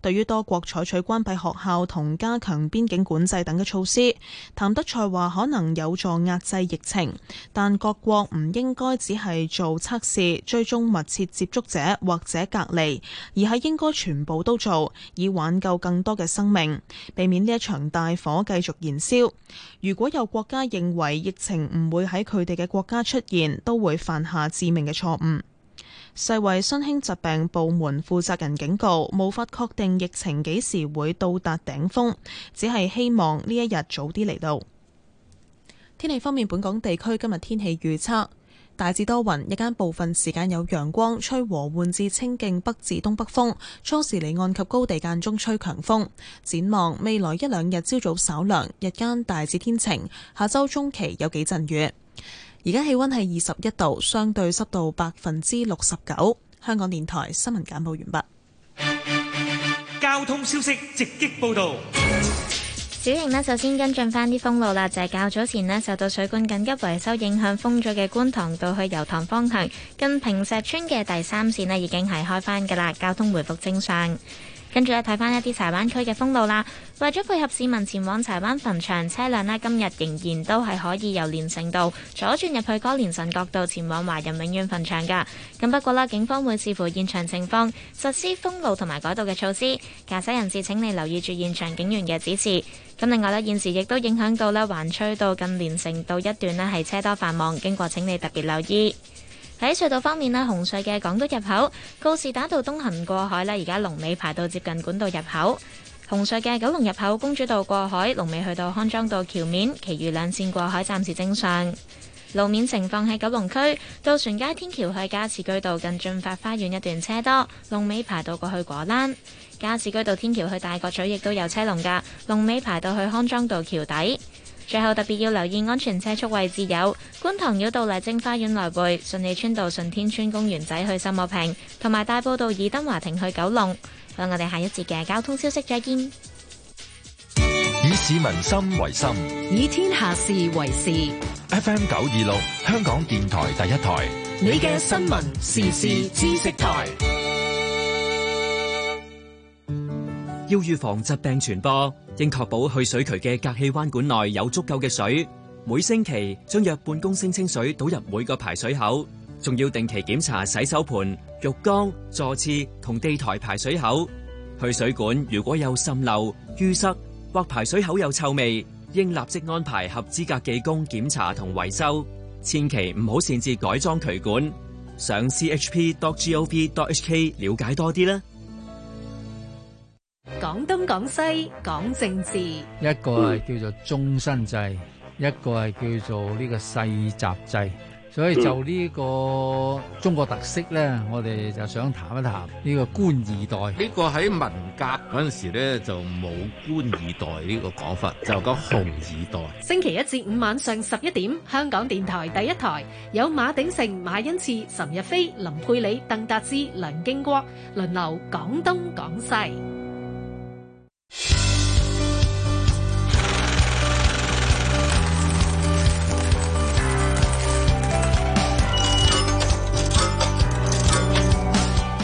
對於多國採取關閉學校同加強邊境管制等嘅措施，譚德塞話可能有助壓制疫情，但各國唔應該只係做測試、追蹤密切接觸者或者隔離，而係應該全部都做，以挽救更多嘅生命，避免呢一場大火繼續燃燒。如果有國家認為疫情唔會喺佢哋嘅國家出現，都會犯下致命嘅錯誤。世衛新興疾病部門負責人警告，無法確定疫情幾時會到達頂峰，只係希望呢一日早啲嚟到。天氣方面，本港地區今日天氣預測大致多雲，日間部分時間有陽光，吹和緩至清勁北至東北風，初時離岸及高地間中吹強風。展望未來一兩日，朝早稍涼，日間大致天晴，下周中期有幾陣雨。而家氣溫係二十一度，相對濕度百分之六十九。香港電台新聞簡報完畢。交通消息直擊報道。小瑩呢，首先跟進翻啲封路啦，就係、是、較早前呢，受到水管緊急維修影響封咗嘅觀塘到去油塘方向，近平石村嘅第三線呢已經係開返噶啦，交通回復正常。跟住咧，睇翻一啲柴灣區嘅封路啦。為咗配合市民前往柴灣墳場，車輛呢今日仍然都係可以由連城道左轉入去哥連臣角道前往華人永遠墳場嘅。咁不過啦，警方會視乎現場情況實施封路同埋改道嘅措施。駕駛人士請你留意住現場警員嘅指示。咁另外呢，現時亦都影響到呢環翠道近連城道一段呢係車多繁忙，經過請你特別留意。喺隧道方面咧，紅隧嘅港島入口告士打道東行過海咧，而家龍尾排到接近管道入口；紅隧嘅九龍入口公主道過海，龍尾去到康莊道橋面，其餘兩線過海暫時正常。路面情況喺九龍區，渡船街天橋去加士居道近駿發花園一段車多，龍尾排到過去果欄；加士居道天橋去大角咀亦都有車龍㗎，龍尾排到去康莊道橋底。最後特別要留意安全車速位置，有觀塘繞道麗晶花園來回順利村道順天村公園仔去秀茂坪，同埋大埔道爾登華庭去九龍。等我哋下一節嘅交通消息再見。以市民心為心，以天下事為事。FM 九二六香港電台第一台，你嘅新聞時事知識台。要預防疾病傳播，應確保去水渠嘅隔氣彎管內有足夠嘅水。每星期將約半公升清水倒入每個排水口，仲要定期檢查洗手盆、浴缸、坐廁同地台排水口。去水管如果有滲漏、淤塞或排水口有臭味，應立即安排合資格技工檢查同維修。千祈唔好擅自改裝渠管。上 chp.gov.hk 了解多啲啦。講東講西，講政治，一個係叫做終身制，一個係叫做呢個世襲制。所以就呢個中國特色咧，我哋就想談一談呢個官二代。呢個喺文革嗰陣時咧就冇官二代呢個講法，就講紅二代。星期一至五晚上十一點，香港電台第一台有馬鼎盛、馬恩賜、岑日飛、林佩理、鄧達志、梁經國輪流講東講西。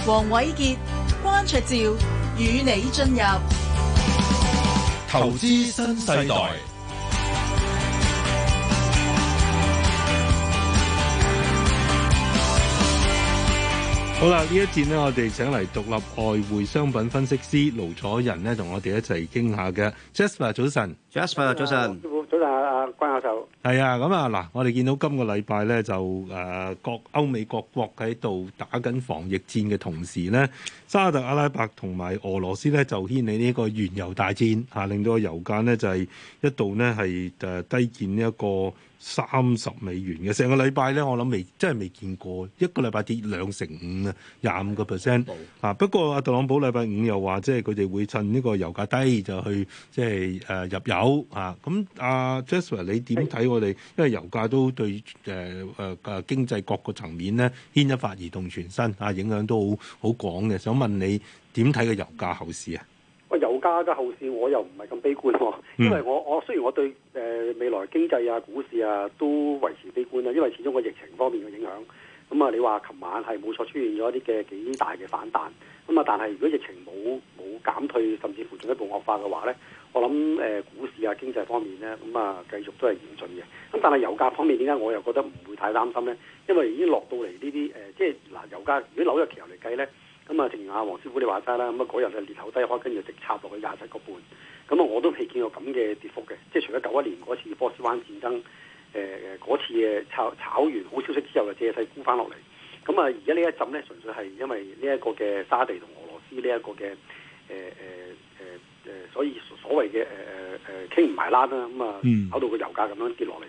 黃瑋傑、關焯照與你進入投資新世代。好啦，呢一節呢，我哋請嚟，獨立外匯商品分析師盧楚仁呢，同我哋一齊傾下嘅。Jasper 早晨，Jasper 早晨，早早晨阿關教授。係啊，咁啊嗱，我哋見到今個禮拜咧，就誒，各、呃、歐美各國喺度打緊防疫戰嘅同時咧，沙特阿拉伯同埋俄羅斯咧就掀起呢個原油大戰，吓、啊、令到個油價呢，就係、是、一度呢，係誒低見呢一個。三十美元嘅，成個禮拜咧，我諗未真係未見過，一個禮拜跌兩成五啊，廿五個 percent 啊。不過阿特朗普禮拜五又話，即係佢哋會趁呢個油價低就去即係誒、啊、入油啊。咁阿 Jasper，你點睇我哋？因為油價都對誒誒誒經濟各個層面咧牽一發而動全身啊，影響都好好廣嘅。想問你點睇個油價後市啊？喂，油價嘅後市我又唔係咁悲觀喎、啊，因為我我雖然我對誒、呃、未來經濟啊、股市啊都維持悲觀啦，因為始終個疫情方面嘅影響。咁、嗯、啊，你話琴晚係冇錯出現咗一啲嘅幾大嘅反彈。咁、嗯、啊，但係如果疫情冇冇減退，甚至乎進一步惡化嘅話咧，我諗誒、呃、股市啊、經濟方面咧，咁、嗯、啊繼續都係嚴峻嘅。咁但係油價方面點解我又覺得唔會太擔心咧？因為已經落到嚟呢啲誒，即係嗱油價，如果紐約期油嚟計咧。咁啊，正如阿黃師傅你話齋啦，咁啊嗰日就裂口低開，跟住直插落去廿七個半。咁啊，我都未見過咁嘅跌幅嘅，即係除咗九一年嗰次波斯灣戰爭，誒嗰次嘅炒炒完好消息之後就借勢沽翻落嚟。咁啊，而家呢一陣咧，純粹係因為呢一個嘅沙地同俄羅斯呢一個嘅誒誒誒誒，所以所謂嘅誒誒誒傾唔埋欄啦。咁啊，搞到個油價咁樣跌落嚟。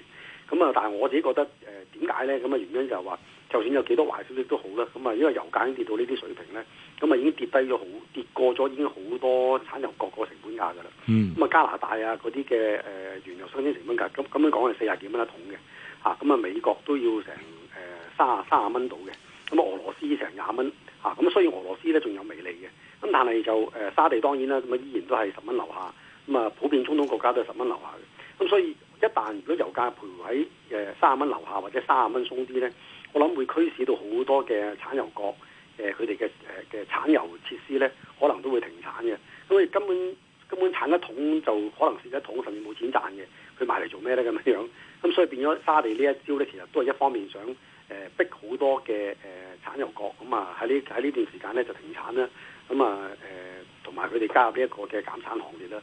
咁啊，但係我自己覺得誒點解咧？咁、呃、啊，原因就係、是、話，就算有幾多壞消息都好啦。咁啊，因為油價已經跌到呢啲水平咧，咁啊已經跌低咗好，跌過咗已經好多產油國個成本價㗎喇。咁啊、嗯，加拿大啊嗰啲嘅誒原油生產成本價，咁咁樣講係四十幾蚊一桶嘅。嚇、啊，咁、嗯、啊美國都要成誒、呃、卅卅蚊度嘅。咁啊，俄羅斯成廿蚊。嚇、啊，咁所以俄羅斯咧仲有微利嘅。咁、啊、但係就誒、呃、沙地當然啦，咁、嗯、啊依然都係十蚊樓下。咁、嗯、啊，普遍中東國家都係十蚊樓下。一旦如果油價徘徊喺誒三十蚊樓下或者三十蚊鬆啲咧，我諗會驅使到好多嘅產油國誒佢哋嘅誒嘅產油設施咧，可能都會停產嘅，咁佢根本根本產一桶就可能蝕一桶，甚至冇錢賺嘅，佢賣嚟做咩咧？咁樣樣，咁所以變咗沙地呢一招咧，其實都係一方面想誒逼好多嘅誒產油國咁啊喺呢喺呢段時間咧就停產啦，咁啊誒同埋佢哋加入呢一個嘅減產行列啦，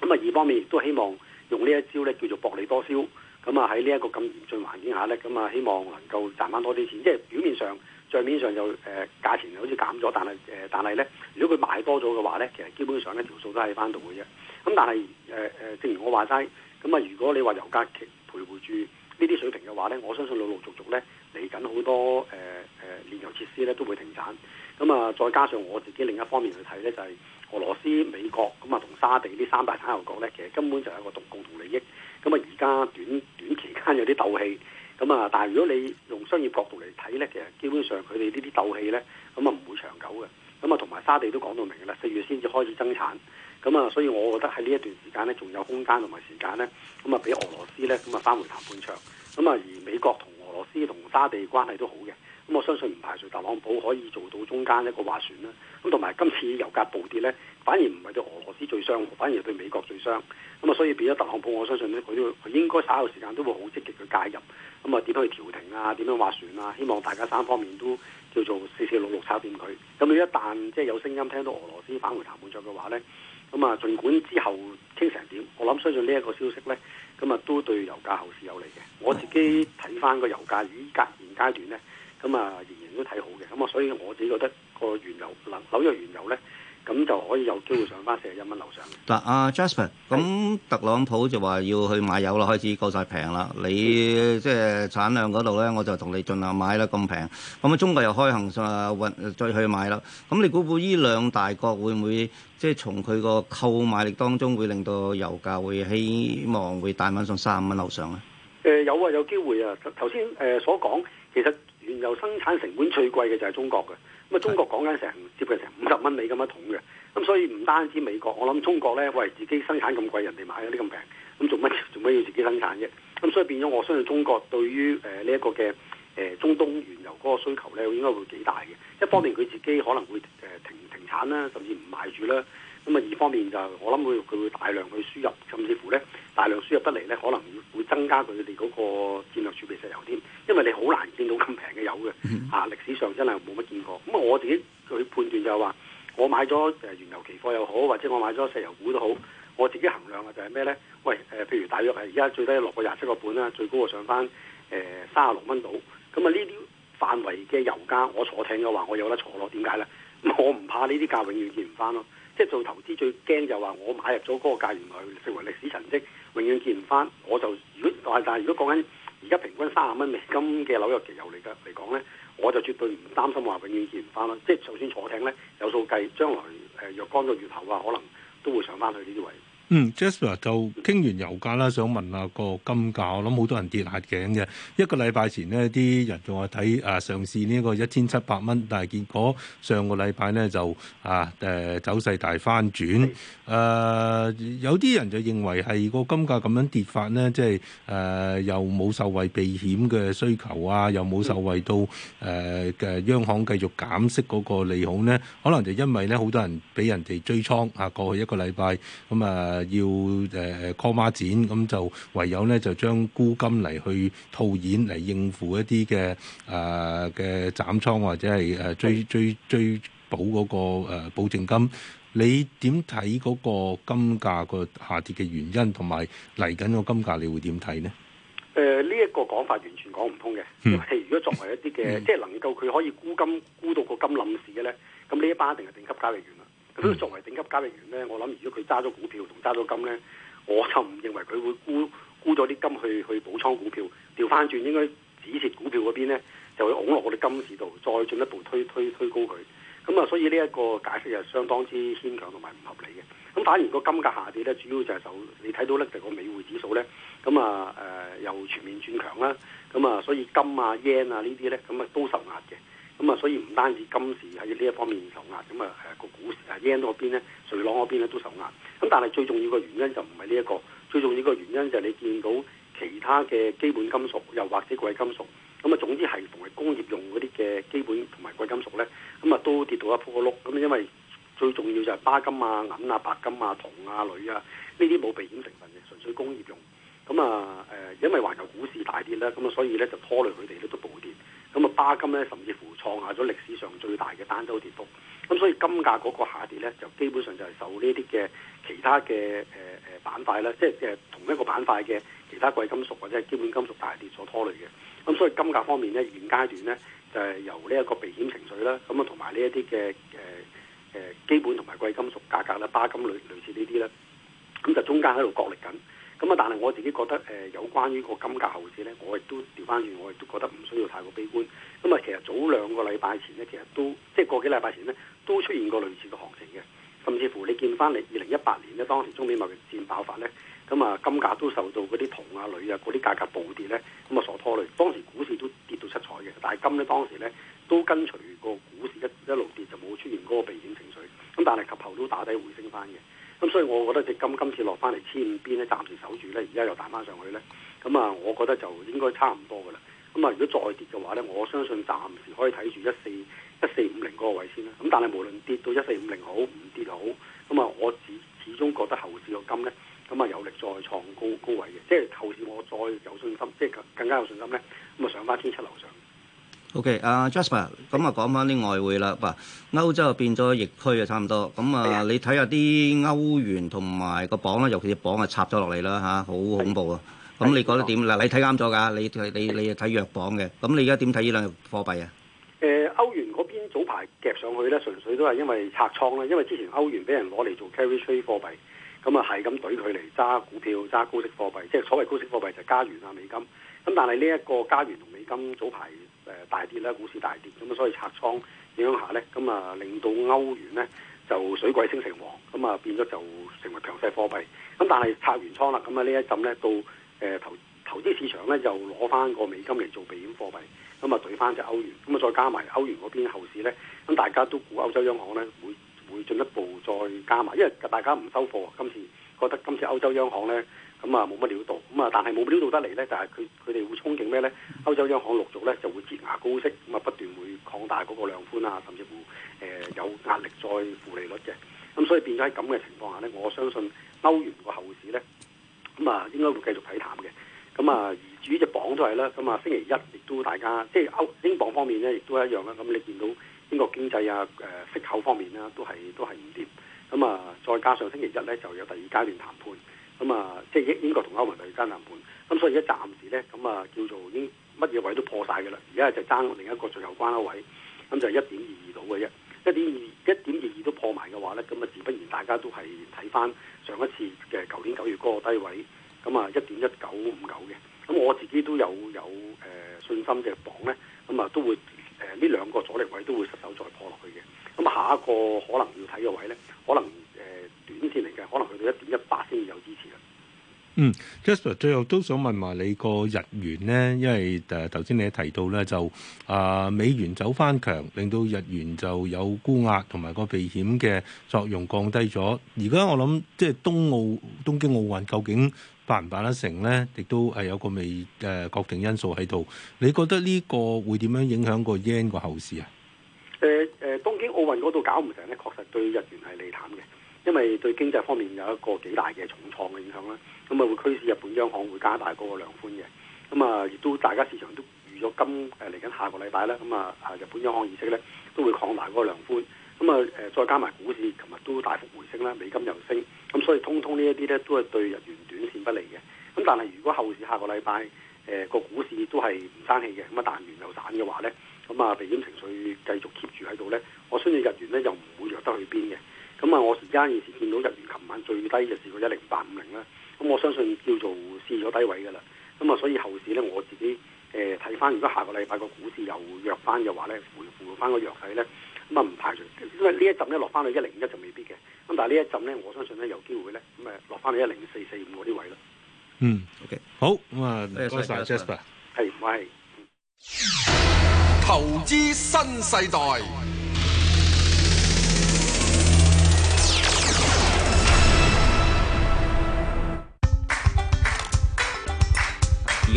咁啊二方面亦都希望。用呢一招咧叫做薄利多銷，咁啊喺呢一個咁嚴峻環境下咧，咁啊希望能夠賺翻多啲錢，即係表面上帳面上就誒、呃、價錢好似減咗，但係誒、呃、但係咧，如果佢買多咗嘅話咧，其實基本上一條數都係翻到嘅啫。咁但係誒誒，正如我話齋，咁啊如果你話油價徘徊住呢啲水平嘅話咧，我相信陸陸續續咧嚟緊好多誒誒、呃呃、煉油設施咧都會停產。咁啊再加上我自己另一方面去睇咧就係、是。俄羅斯、美國咁啊，同沙地呢三大產油國呢，其實根本就係一個共共同利益。咁啊，而家短短期間有啲鬥氣。咁啊，但係如果你用商業角度嚟睇呢，其實基本上佢哋呢啲鬥氣呢，咁啊唔會長久嘅。咁啊，同埋沙地都講到明㗎啦，四月先至開始增產。咁啊，所以我覺得喺呢一段時間呢，仲有空間同埋時間呢，咁啊，俾俄羅斯呢，咁啊返回談判場。咁啊，而美國同俄羅斯同沙地關係都好嘅。咁我相信唔排除特朗普可以做到中間一個斡旋啦。咁同埋今次油價暴跌呢，反而唔係對俄羅斯最傷，反而對美國最傷。咁啊，所以變咗特朗普，我相信呢，佢都佢應該稍有時間都會好積極嘅介入。咁啊，點樣去調停啊？點樣斡旋啊？希望大家三方面都叫做四四六六炒掂佢。咁你一旦即係有聲音聽到俄羅斯返回談判桌嘅話呢，咁啊，儘管之後傾成點，我諗相信呢一個消息呢，咁啊，都對油價後市有利嘅。我自己睇翻個油價，依家現階段呢。咁啊，仍然都睇好嘅，咁啊，所以我自己覺得個原油，嗱紐約原油咧，咁就可以有機會上翻四十一蚊樓上。嗱，阿 Jasper，咁特朗普就話要去買油啦，開始過曬平啦。你即係產量嗰度咧，我就同你盡量買啦。咁平，咁啊，中國又開行啊，運再去買啦。咁你估估呢兩大國會唔會即係從佢個購買力當中會令到油價會希望會大蚊上三十五蚊樓上咧？誒有啊，有機會啊！頭頭先誒所講，其實。原油生產成本最貴嘅就係中國嘅，咁啊，中國講緊成接近成五十蚊美金一桶嘅，咁、嗯、所以唔單止美國，我諗中國咧，喂自己生產咁貴，人哋買有啲咁平，咁、嗯、做乜做乜要自己生產啫？咁、嗯、所以變咗，我相信中國對於誒呢一個嘅誒、呃、中東原油嗰個需求呢，應該會幾大嘅。一方面佢自己可能會誒停、呃、停，停產啦，甚至唔賣住啦。咁啊，二方面就我諗會佢會大量去輸入，甚至乎咧大量輸入得嚟咧，可能要會增加佢哋嗰個戰略儲備石油添。因為你好難見到咁平嘅油嘅，啊歷史上真係冇乜見過。咁啊，我自己去判斷就係話，我買咗誒原油期貨又好，或者我買咗石油股都好，我自己衡量嘅就係咩咧？喂誒、呃，譬如大約係而家最低落過廿七個半啦，最高啊上翻誒卅六蚊度。咁啊呢啲範圍嘅油價，我坐艇嘅話，我有得坐咯。點解咧？我唔怕呢啲價永遠見唔翻咯。即係做投資最驚就話我買入咗嗰個價，原來成為歷史成績，永遠見唔翻。我就如果但係如果講緊而家平均三十蚊美金嘅紐約期油嚟嘅嚟講咧，我就絕對唔擔心話永遠見唔翻啦。即係就算坐艇咧，有數計，將來誒若干個月後啊，可能都會上翻去呢啲位。嗯，Jasper 就傾完油價啦，想問下個金價，我諗好多人跌嚇頸嘅。一個禮拜前呢，啲人仲話睇啊上市呢個一千七百蚊，但係結果上個禮拜呢就啊誒走勢大翻轉。誒的、呃、有啲人就認為係個金價咁樣跌法呢，即係誒又冇受惠避險嘅需求啊，又冇受惠到誒嘅、呃、央行繼續減息嗰個利好呢。可能就因為呢，好多人俾人哋追倉啊，過去一個禮拜咁啊。啊啊啊要誒 call 孖展，咁就唯有咧就將沽金嚟去套現嚟應付一啲嘅誒嘅斬倉或者係誒、啊、追追追補嗰、那個、呃、保證金。你點睇嗰個金價個下跌嘅原因，同埋嚟緊個金價，你會點睇呢？誒呢一個講法完全講唔通嘅，因為如果作為一啲嘅，嗯、即係能夠佢可以沽金沽到個金冧時嘅咧，咁呢一班一定係定級交易員。嗯、作為頂級交易員咧，我諗如果佢揸咗股票同揸咗金咧，我就唔認為佢會沽沽咗啲金去去補倉股票。調翻轉應該止蝕股票嗰邊咧，就會拱落我哋金市度，再進一步推推推高佢。咁啊，所以呢一個解釋又相當之牽強同埋唔合理嘅。咁反而個金價下跌咧，主要就係就你睇到咧就個美匯指數咧，咁啊誒又全面轉強啦。咁啊，所以金啊 yen 啊呢啲咧，咁啊都受壓嘅。咁啊、嗯，所以唔單止金市喺呢一方面受壓，咁啊誒個股市啊 yen 嗰邊咧，瑞郎嗰邊咧都受壓。咁、嗯、但係最重要嘅原因就唔係呢一個，最重要嘅原因就係你見到其他嘅基本金屬又或者貴金屬，咁、嗯、啊總之係同埋工業用嗰啲嘅基本同埋貴金屬咧，咁、嗯、啊都跌到一仆一碌。咁、嗯、因為最重要就係巴金啊、銀啊、白金啊、銅啊、鋁啊，呢啲冇避險成分嘅，純粹工業用。咁啊誒，因為環球股市大跌啦，咁、嗯、啊所以咧就拖累佢哋咧都暴跌。咁啊，巴金咧，甚至乎創下咗歷史上最大嘅單週跌幅。咁所以金價嗰個下跌咧，就基本上就係受呢啲嘅其他嘅誒誒板塊啦，即係誒同一個板塊嘅其他貴金屬或者係基本金屬大跌所拖累嘅。咁所以金價方面咧，現階段咧就係、是、由呢一個避險情緒啦，咁啊同埋呢一啲嘅誒誒基本同埋貴金屬價格啦，巴金類類似呢啲啦，咁就中間喺度角力緊。咁啊，但係我自己覺得誒、呃，有關於個金價後市咧，我亦都調翻轉，我亦都覺得唔需要太過悲觀。咁、嗯、啊，其實早兩個禮拜前咧，其實都即係個幾禮拜前咧，都出現過類似嘅行情嘅。甚至乎你見翻嚟二零一八年咧，當時中美貿易戰爆發咧，咁、嗯、啊金價都受到嗰啲銅啊、鋁啊嗰啲價格暴跌咧，咁啊所拖累。當時股市都跌到七彩嘅，但係金咧當時咧都跟隨個股市一一路跌，就冇出現嗰個避險情緒。咁、嗯、但係及後都打底回升翻嘅。咁所以我覺得隻金今次落翻嚟千五邊咧，暫時守住咧，而家又彈翻上去咧，咁啊，我覺得就應該差唔多噶啦。咁啊，如果再跌嘅話咧，我相信暫時可以睇住一四一四五零嗰個位先啦。咁但係無論跌到一四五零好，唔跌好，咁啊，我始始終覺得後市個金咧，咁啊有力再創高高位嘅，即係後市我再有信心，即係更加有信心咧，咁啊上翻千七樓上。OK，阿 Jasper，咁啊講翻啲外匯啦。嗱，歐洲啊變咗疫區啊，差唔多。咁啊，你睇下啲歐元同埋個磅咧，尤其是磅啊，插咗落嚟啦嚇，好恐怖啊！咁你覺得點？嗱，你睇啱咗㗎，你你你睇弱磅嘅。咁你而家點睇呢兩個貨幣啊？誒，歐元嗰邊早排夾上去咧，純粹都係因為拆倉啦。因為之前歐元俾人攞嚟做 carry trade 貨幣，咁啊係咁對佢嚟揸股票、揸高息貨幣，即係所謂高息貨幣就係加元啊、美金。咁但係呢一個加元同美金早排。誒大跌啦，股市大跌，咁啊所以拆倉影響下咧，咁啊令到歐元咧就水鬼升城隍，咁啊變咗就成為強勢貨幣。咁但係拆完倉啦，咁啊呢一陣咧到誒投投資市場咧就攞翻個美金嚟做避險貨幣，咁啊兌翻隻歐元，咁啊再加埋歐元嗰邊後市咧，咁大家都估歐洲央行咧會會進一步再加埋，因為大家唔收貨，今次覺得今次歐洲央行咧。咁啊，冇乜料到，咁啊，但係冇料到得嚟咧，就係佢佢哋會憧憬咩咧？歐洲央行陸續咧就會節牙高息，咁啊不斷會擴大嗰個量寬啊，甚至乎誒有壓力再負利率嘅，咁所以變咗喺咁嘅情況下咧，我相信歐元個後市咧，咁啊應該會繼續睇淡嘅。咁啊，而至於就鎊都係啦，咁啊星期一亦都大家即係歐英鎊方面咧，亦都一樣啦。咁你見到英國經濟啊誒息口方面啦，都係都係唔掂，咁啊再加上星期一咧就有第二階段談判。咁啊、嗯，即係英國同歐盟又要爭南門，咁、嗯、所以一暫時咧，咁、嗯、啊叫做已經乜嘢位都破晒嘅啦。而家就爭另一個最後關位，咁、嗯、就一點二二度嘅啫，一點二一點二二都破埋嘅話咧，咁、嗯、啊自不然大家都係睇翻上一次嘅舊年九月嗰個低位，咁啊一點一九五九嘅。咁、嗯、我自己都有有誒、呃、信心嘅講咧，咁、嗯、啊都會誒呢兩個阻力位都會失手再破落去嘅。咁、嗯、啊下一個可能要睇嘅位咧，可能。嚟嘅，可能去到一點一八先有支持嘅、嗯。嗯 Jasper，最後都想問埋你個日元呢，因為誒頭先你提到咧，就啊、呃、美元走翻強，令到日元就有沽壓同埋個避險嘅作用降低咗。而家我諗，即係東奧、東京奧運究竟辦唔辦得成呢？亦都係有個未誒、呃、確定因素喺度。你覺得呢個會點樣影響個 yen 個後市啊？誒誒、呃，東京奧運嗰度搞唔成呢，確實對日元係利淡嘅。因為對經濟方面有一個幾大嘅重創嘅影響啦，咁啊會驅使日本央行會加大嗰個量寬嘅，咁啊亦都大家市場都預咗今誒嚟緊下個禮拜啦，咁啊啊日本央行意識咧都會擴大嗰個量寬，咁啊誒再加埋股市琴日都大幅回升啦，美金又升，咁所以通通呢一啲咧都係對日元短線不利嘅，咁但係如果後市下個禮拜誒個股市都係唔爭氣嘅，咁啊但係原油彈嘅話咧，咁啊避險情緒繼續 keep 住喺度咧，我相信日元咧又唔會弱得去邊嘅。咁啊，我時間以前見到日圓，琴晚最低就試過一零八五零啦。咁我相信叫做試咗低位嘅啦。咁啊，所以後市咧，我自己誒睇翻，呃、如果下個禮拜個股市又弱翻嘅話咧，回覆翻個弱勢咧，咁啊唔排除，因為呢一陣咧落翻去一零一就未必嘅。咁但係呢一陣咧，我相信咧有機會咧，咁啊，落翻去一零四四五嗰啲位咯。嗯，OK，好，咁啊，多謝 Jasper，謝係唔係，投資新世代。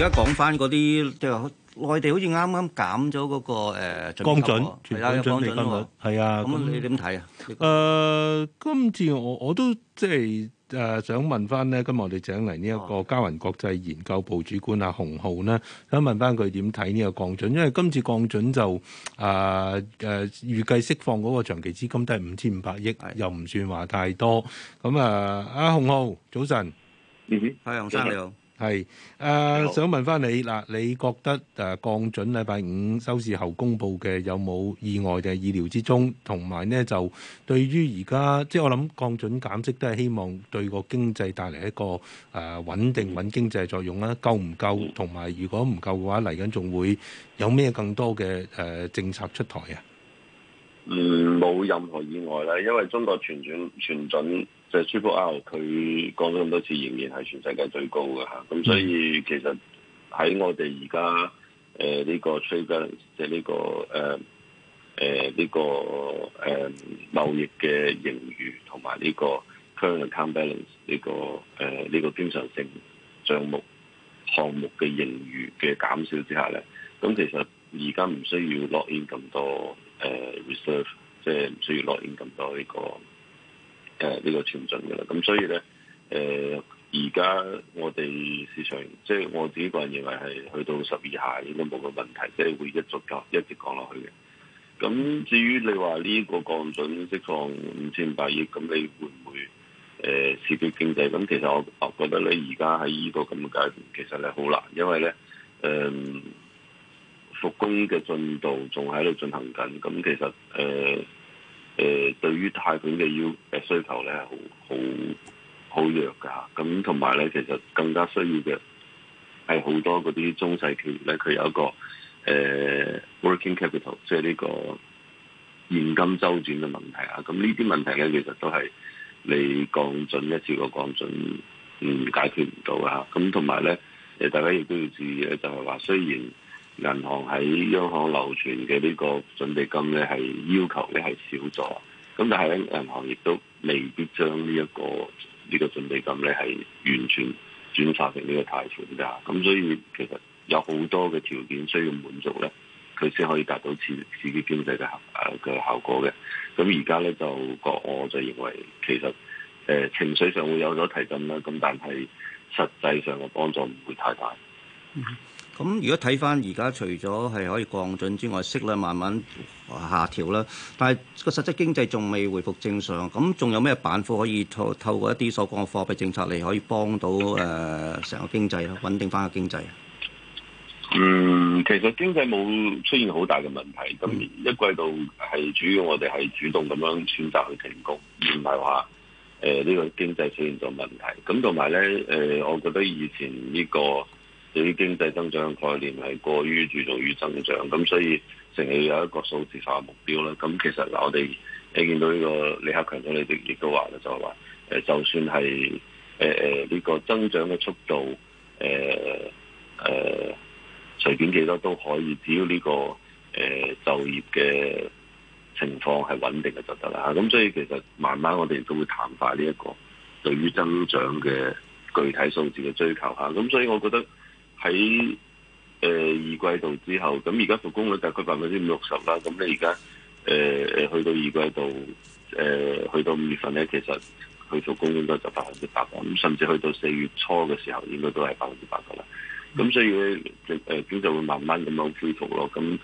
而家講翻嗰啲即係內地，好似啱啱減咗嗰個誒降準，係啦，降準啦，係啊。咁你點睇啊？誒，今次我我都即係誒想問翻咧，今日我哋請嚟呢一個交銀國際研究部主管阿洪浩咧，想問翻佢點睇呢個降準？因為今次降準就啊誒預計釋放嗰個長期資金都係五千五百億，又唔算話太多。咁啊，阿洪浩早晨，係，黃生你好。係，誒，呃、Hello. 想問翻你嗱，你覺得誒、啊、降準禮拜五收市後公布嘅有冇意外定係意料之中？同埋呢，就對於而家，即係我諗降準減息都係希望對個經濟帶嚟一個誒、啊、穩定穩定經濟作用啦。夠唔夠？同埋、嗯、如果唔夠嘅話，嚟緊仲會有咩更多嘅誒、呃、政策出台啊？嗯，冇任何意外啦，因為中國全準全準。就 RRR 佢降咗咁多次，仍然係全世界最高嘅吓。咁所以其實喺我哋而家誒呢個 trade balance，即係呢個誒誒呢個誒、呃、貿易嘅盈餘同埋呢個 current account balance 呢、呢個誒呢、呃呢個經常性帳目項目嘅盈餘嘅減少之下咧，咁其實而家唔需要 lock in 咁多誒、呃、reserve，即係唔需要 lock in 咁多呢、呢個。誒呢個前進嘅啦，咁所以咧，誒而家我哋市場，即係我自己個人認為係去到十二下應該冇乜問題，即、就、係、是、會一足夠一直降落去嘅。咁至於你話呢個降準釋放五千五百億，咁你會唔會誒刺激經濟？咁其實我覺得咧，而家喺呢個咁嘅階段，其實係好難，因為咧，誒、呃、復工嘅進度仲喺度進行緊，咁其實誒。呃誒、呃，對於貸款嘅要誒需求咧，好好好弱噶。咁同埋咧，其實更加需要嘅係好多嗰啲中細企業咧，佢有一個誒、呃、working capital，即係呢個現金周轉嘅問題啊。咁呢啲問題咧，其實都係你降準一次過降準唔、嗯、解決唔到噶。咁同埋咧，誒、呃、大家亦都要注意咧，就係話雖然。銀行喺央行留存嘅呢個準備金咧，係要求咧係少咗，咁但係咧，銀行亦都未必將呢一個呢、呢個準備金咧係完全轉化成呢個貸款㗎，咁所以其實有好多嘅條件需要滿足咧，佢先可以達到刺激經濟嘅效嘅效果嘅。咁而家咧就覺我就認為其實誒、呃、情緒上會有咗提振啦，咁但係實際上嘅幫助唔會太大。嗯咁如果睇翻而家除咗係可以降準之外，息量慢慢下調啦，但係個實際經濟仲未回復正常，咁仲有咩板塊可以透透過一啲所講嘅貨幣政策嚟可以幫到誒成個經濟啦，穩定翻個經濟？嗯，其實經濟冇出現好大嘅問題，今年一季度係主要我哋係主動咁樣選擇去停工，而唔係話誒呢個經濟出現咗問題。咁同埋咧，誒，我覺得以前呢個對於經濟增長嘅概念係過於注重於增長，咁所以淨係有一個數字化目標啦。咁其實嗱，我哋你見到呢個李克強總理亦都話啦，就係話誒，就算係誒誒呢個增長嘅速度誒誒隨便幾多都可以，只要呢、這個誒、呃、就業嘅情況係穩定嘅就得啦。咁所以其實慢慢我哋都會淡化呢一個對於增長嘅具體數字嘅追求嚇。咁所以我覺得。喺誒、呃、二季度之後，咁而家復工率大概百分之五六十啦。咁你而家誒誒去到二季度，誒、呃、去到五月份咧，其實去做工應該就百分之百咁，甚至去到四月初嘅時候應該，應該都係百分之百噶啦。咁所以誒經濟會慢慢咁樣恢復咯。咁誒、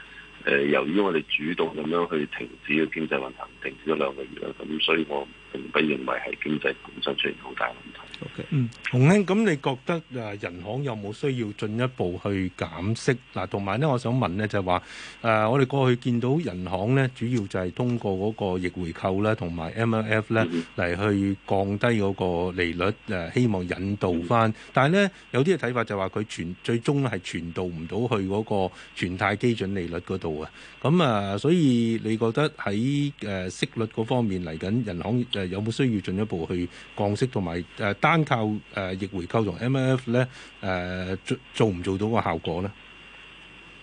呃、由於我哋主動咁樣去停止嘅經濟運行，停止咗兩個月啦。咁所以我並不認為係經濟本身出現好大問題。Okay. 嗯，洪兄，咁你覺得誒、啊，人行有冇需要進一步去減息嗱？同埋咧，我想問呢，就係話誒，我哋過去見到人行呢，主要就係通過嗰個逆回購啦，同埋 MLF 咧嚟去降低嗰個利率誒、啊，希望引導翻。但係呢，有啲嘅睇法就話佢傳最終係傳導唔到去嗰個存貸基準利率嗰度啊。咁啊，所以你覺得喺誒、啊、息率嗰方面嚟緊，人行誒有冇需要進一步去降息同埋誒？單靠誒逆回購同 M F 咧誒做做唔做到個效果咧？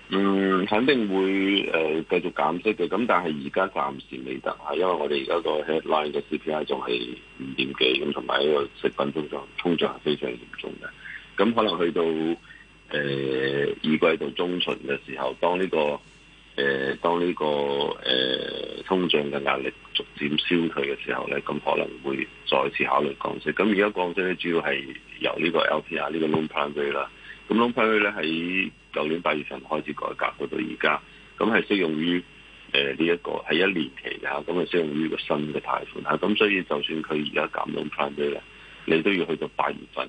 嗯，肯定會誒繼、呃、續減息嘅。咁但係而家暫時未得，係因為我哋而家個 headline 嘅 C P I 仲係五點幾，咁同埋呢個食品通脹，通脹係非常嚴重嘅。咁、嗯、可能去到誒二、呃、季度中旬嘅時候，當呢、這個誒、呃，當呢、這個誒、呃、通脹嘅壓力逐漸消退嘅時候咧，咁可能會再次考慮降息。咁而家降息咧，主要係由呢個 LPR 呢個 loan plan 去啦。咁 loan plan 去咧喺舊年八月份開始改革，去到而家，咁係適用於誒呢一個係一年期嘅，咁係適用於個新嘅貸款嚇。咁所以就算佢而家減 loan plan 去咧，你都要去到八月份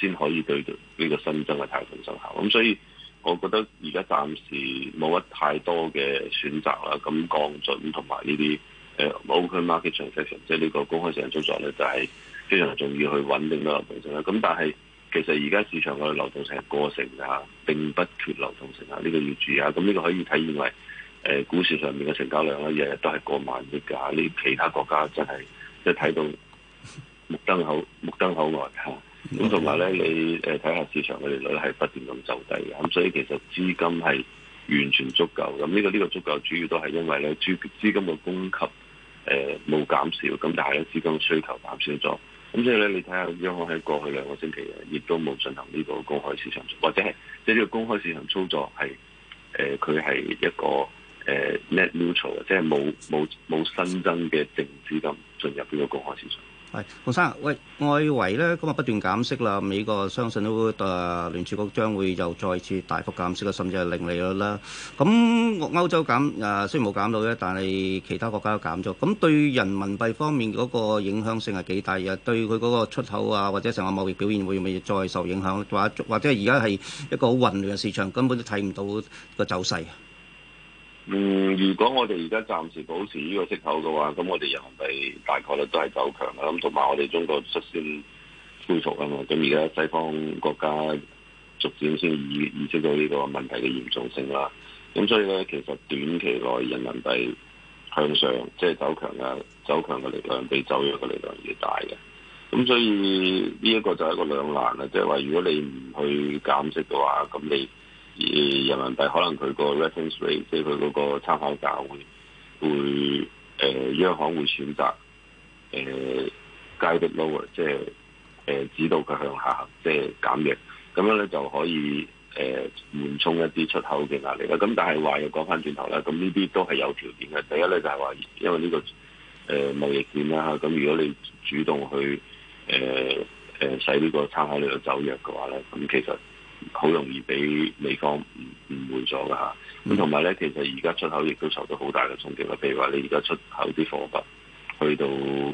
先可以對呢個新增嘅貸款生效。咁所以。我覺得而家暫時冇乜太多嘅選擇啦，咁降準同埋呢啲誒 open market transaction，即係呢個公開市場操作咧，就係、是、非常重要去穩定個流動性啦。咁但係其實而家市場嘅流動性係過剩嘅嚇，並不缺流動性啊！呢、這個要注意啊。咁呢個可以體現為誒、呃、股市上面嘅成交量咧、啊，日日都係過萬億㗎。呢其他國家真係一睇到目瞪口目瞪口呆嚇。啊。咁同埋咧，你誒睇下市場嘅利率係不斷咁走低嘅，咁所以其實資金係完全足夠。咁呢、呢個呢、呢個足夠主要都係因為咧，資金嘅供給誒冇、呃、減少，咁但係咧，資金嘅需求減少咗。咁所以咧，你睇下央行喺過去兩個星期啊，亦都冇進行呢個公開市場，或者係即係呢個公開市場操作係誒佢係一個誒、呃、net neutral，即係冇冇冇新增嘅淨資金進入呢個公開市場。喂，黃生，喂，外圍咧，咁啊不斷減息啦。美國相信都誒聯儲局將會又再次大幅減息嘅，甚至係零利率啦。咁歐洲減誒、呃、雖然冇減到咧，但係其他國家都減咗。咁對人民幣方面嗰個影響性係幾大啊？對佢嗰個出口啊，或者成個貿易表現會唔會再受影響？或或者而家係一個好混亂嘅市場，根本都睇唔到個走勢。嗯，如果我哋而家暫時保持呢個息口嘅話，咁我哋人民幣大概率都係走強啦。咁同埋我哋中國率先恢復吖嘛，咁而家西方國家逐漸先意意識到呢個問題嘅嚴重性啦。咁所以咧，其實短期內人民幣向上即係、就是、走強啊，走強嘅力量比走弱嘅力量要大嘅。咁所以呢一個就係一個兩難啦。即係話如果你唔去減息嘅話，咁你。誒人民幣可能佢個 reference rate，即係佢嗰個參考價會會誒、呃、央行會選擇誒 guided lower，即係誒指導佢向下即係、就是、減力，咁樣咧就可以誒緩衝一啲出口嘅壓力啦。咁但係話又講翻轉頭啦，咁呢啲都係有條件嘅。第一咧就係話，因為呢、這個誒貿易戰啦，咁、呃啊、如果你主動去誒誒使呢個參考利率走弱嘅話咧，咁其實。好容易俾美方誤誤會咗㗎吓，咁同埋咧，其實而家出口亦都受到好大嘅衝擊啦。譬如話，你而家出口啲貨物去到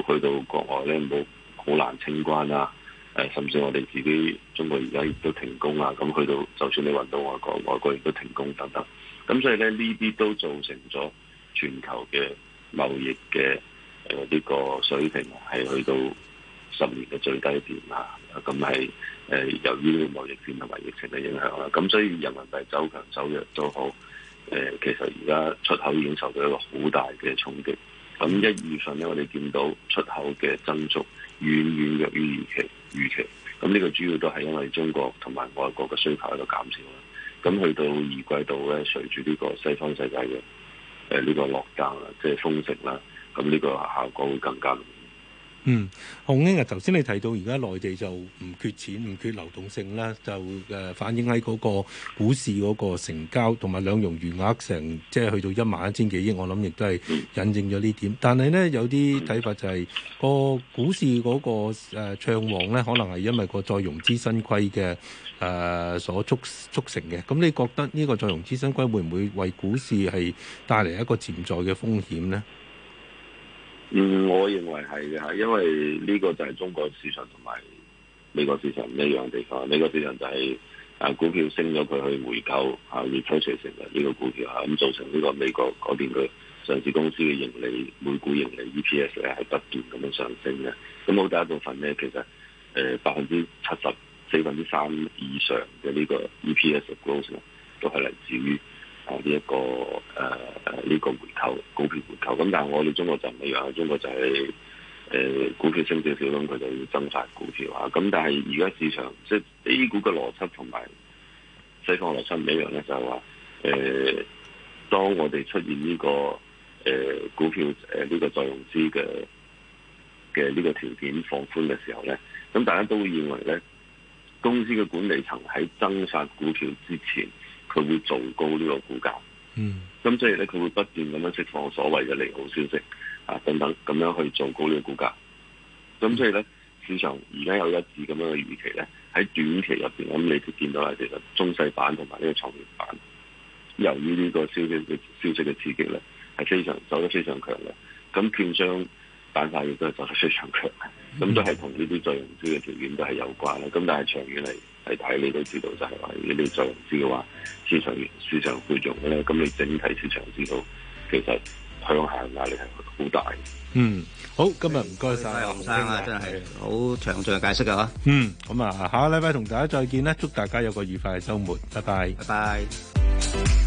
去到國外咧，冇好難清關啊。誒，甚至我哋自己中國而家亦都停工啊。咁去到就算你運到外國，外國亦都停工等等。咁所以咧，呢啲都造成咗全球嘅貿易嘅誒呢個水平係去到十年嘅最低點啊。咁係誒，由於呢個貿易戰同埋疫情嘅影響啦，咁所以人民幣走強走弱都好。誒，其實而家出口已經受到一個好大嘅衝擊。咁一月份咧，我哋見到出口嘅增速遠遠弱於預期預期。咁呢個主要都係因為中國同埋外國嘅需求喺度減少啦。咁去到二季度咧，隨住呢個西方世界嘅誒呢個落閘啦，即係封城啦，咁呢個效果會更加。嗯，洪英啊，頭先你提到而家內地就唔缺錢唔缺流動性啦，就誒、呃、反映喺嗰個股市嗰個成交同埋兩融餘額成即係去到一萬一千幾億，我諗亦都係引證咗呢點。但係咧有啲睇法就係、是、個股市嗰、那個誒、呃、暢旺咧，可能係因為個再融資新規嘅誒所促促成嘅。咁你覺得呢個再融資新規會唔會為股市係帶嚟一個潛在嘅風險咧？嗯，我認為係嘅，因為呢個就係中國市場同埋美國市場唔一樣嘅地方。美國市場就係啊股票升咗，佢去回購啊，要抽水成日。呢個股票嚇，咁、啊、造成呢個美國嗰邊嘅上市公司嘅盈利每股盈利 E P S 咧係不斷咁樣上升嘅。咁好大一部分咧，其實誒百分之七十四分之三以上嘅呢個 E P S growth 都係嚟自於。呢一、這個誒誒呢個回購，股票回購。咁但係我哋中國就唔一樣，中國就係、是、誒、呃、股票升少少，咁佢就要增發股票啊。咁但係而家市場即係 A 股嘅邏輯同埋西方邏輯唔一樣咧，就係話誒，當我哋出現呢、這個誒、呃、股票誒呢、呃這個再融資嘅嘅呢個條件放寬嘅時候咧，咁大家都會認為咧，公司嘅管理層喺增發股票之前。佢會做高呢個股價，嗯，咁所以咧佢會不斷咁樣釋放所謂嘅利好消息啊等等，咁樣去做高呢個股價。咁所以咧，市場而家有一致咁樣嘅預期咧，喺短期入邊，我哋都見到啦，其實中細板同埋呢個創業板，由於呢個消息嘅消息嘅刺激咧，係非常走得非常強嘅。咁券商板塊亦都係走得非常強嘅，咁、嗯、都係同呢啲最融資嘅條件都係有關啦。咁但係長遠嚟。係睇你都知道，就係話你哋就唔知嘅話，市場市場負嘅咧，咁你整體市場知道其實向下壓力係好大。嗯，好，今日唔該晒。阿洪生啊，生啊真係好詳盡嘅解釋㗎嚇。嗯，咁啊，下個禮拜同大家再見啦。祝大家有個愉快嘅週末，拜拜，拜拜。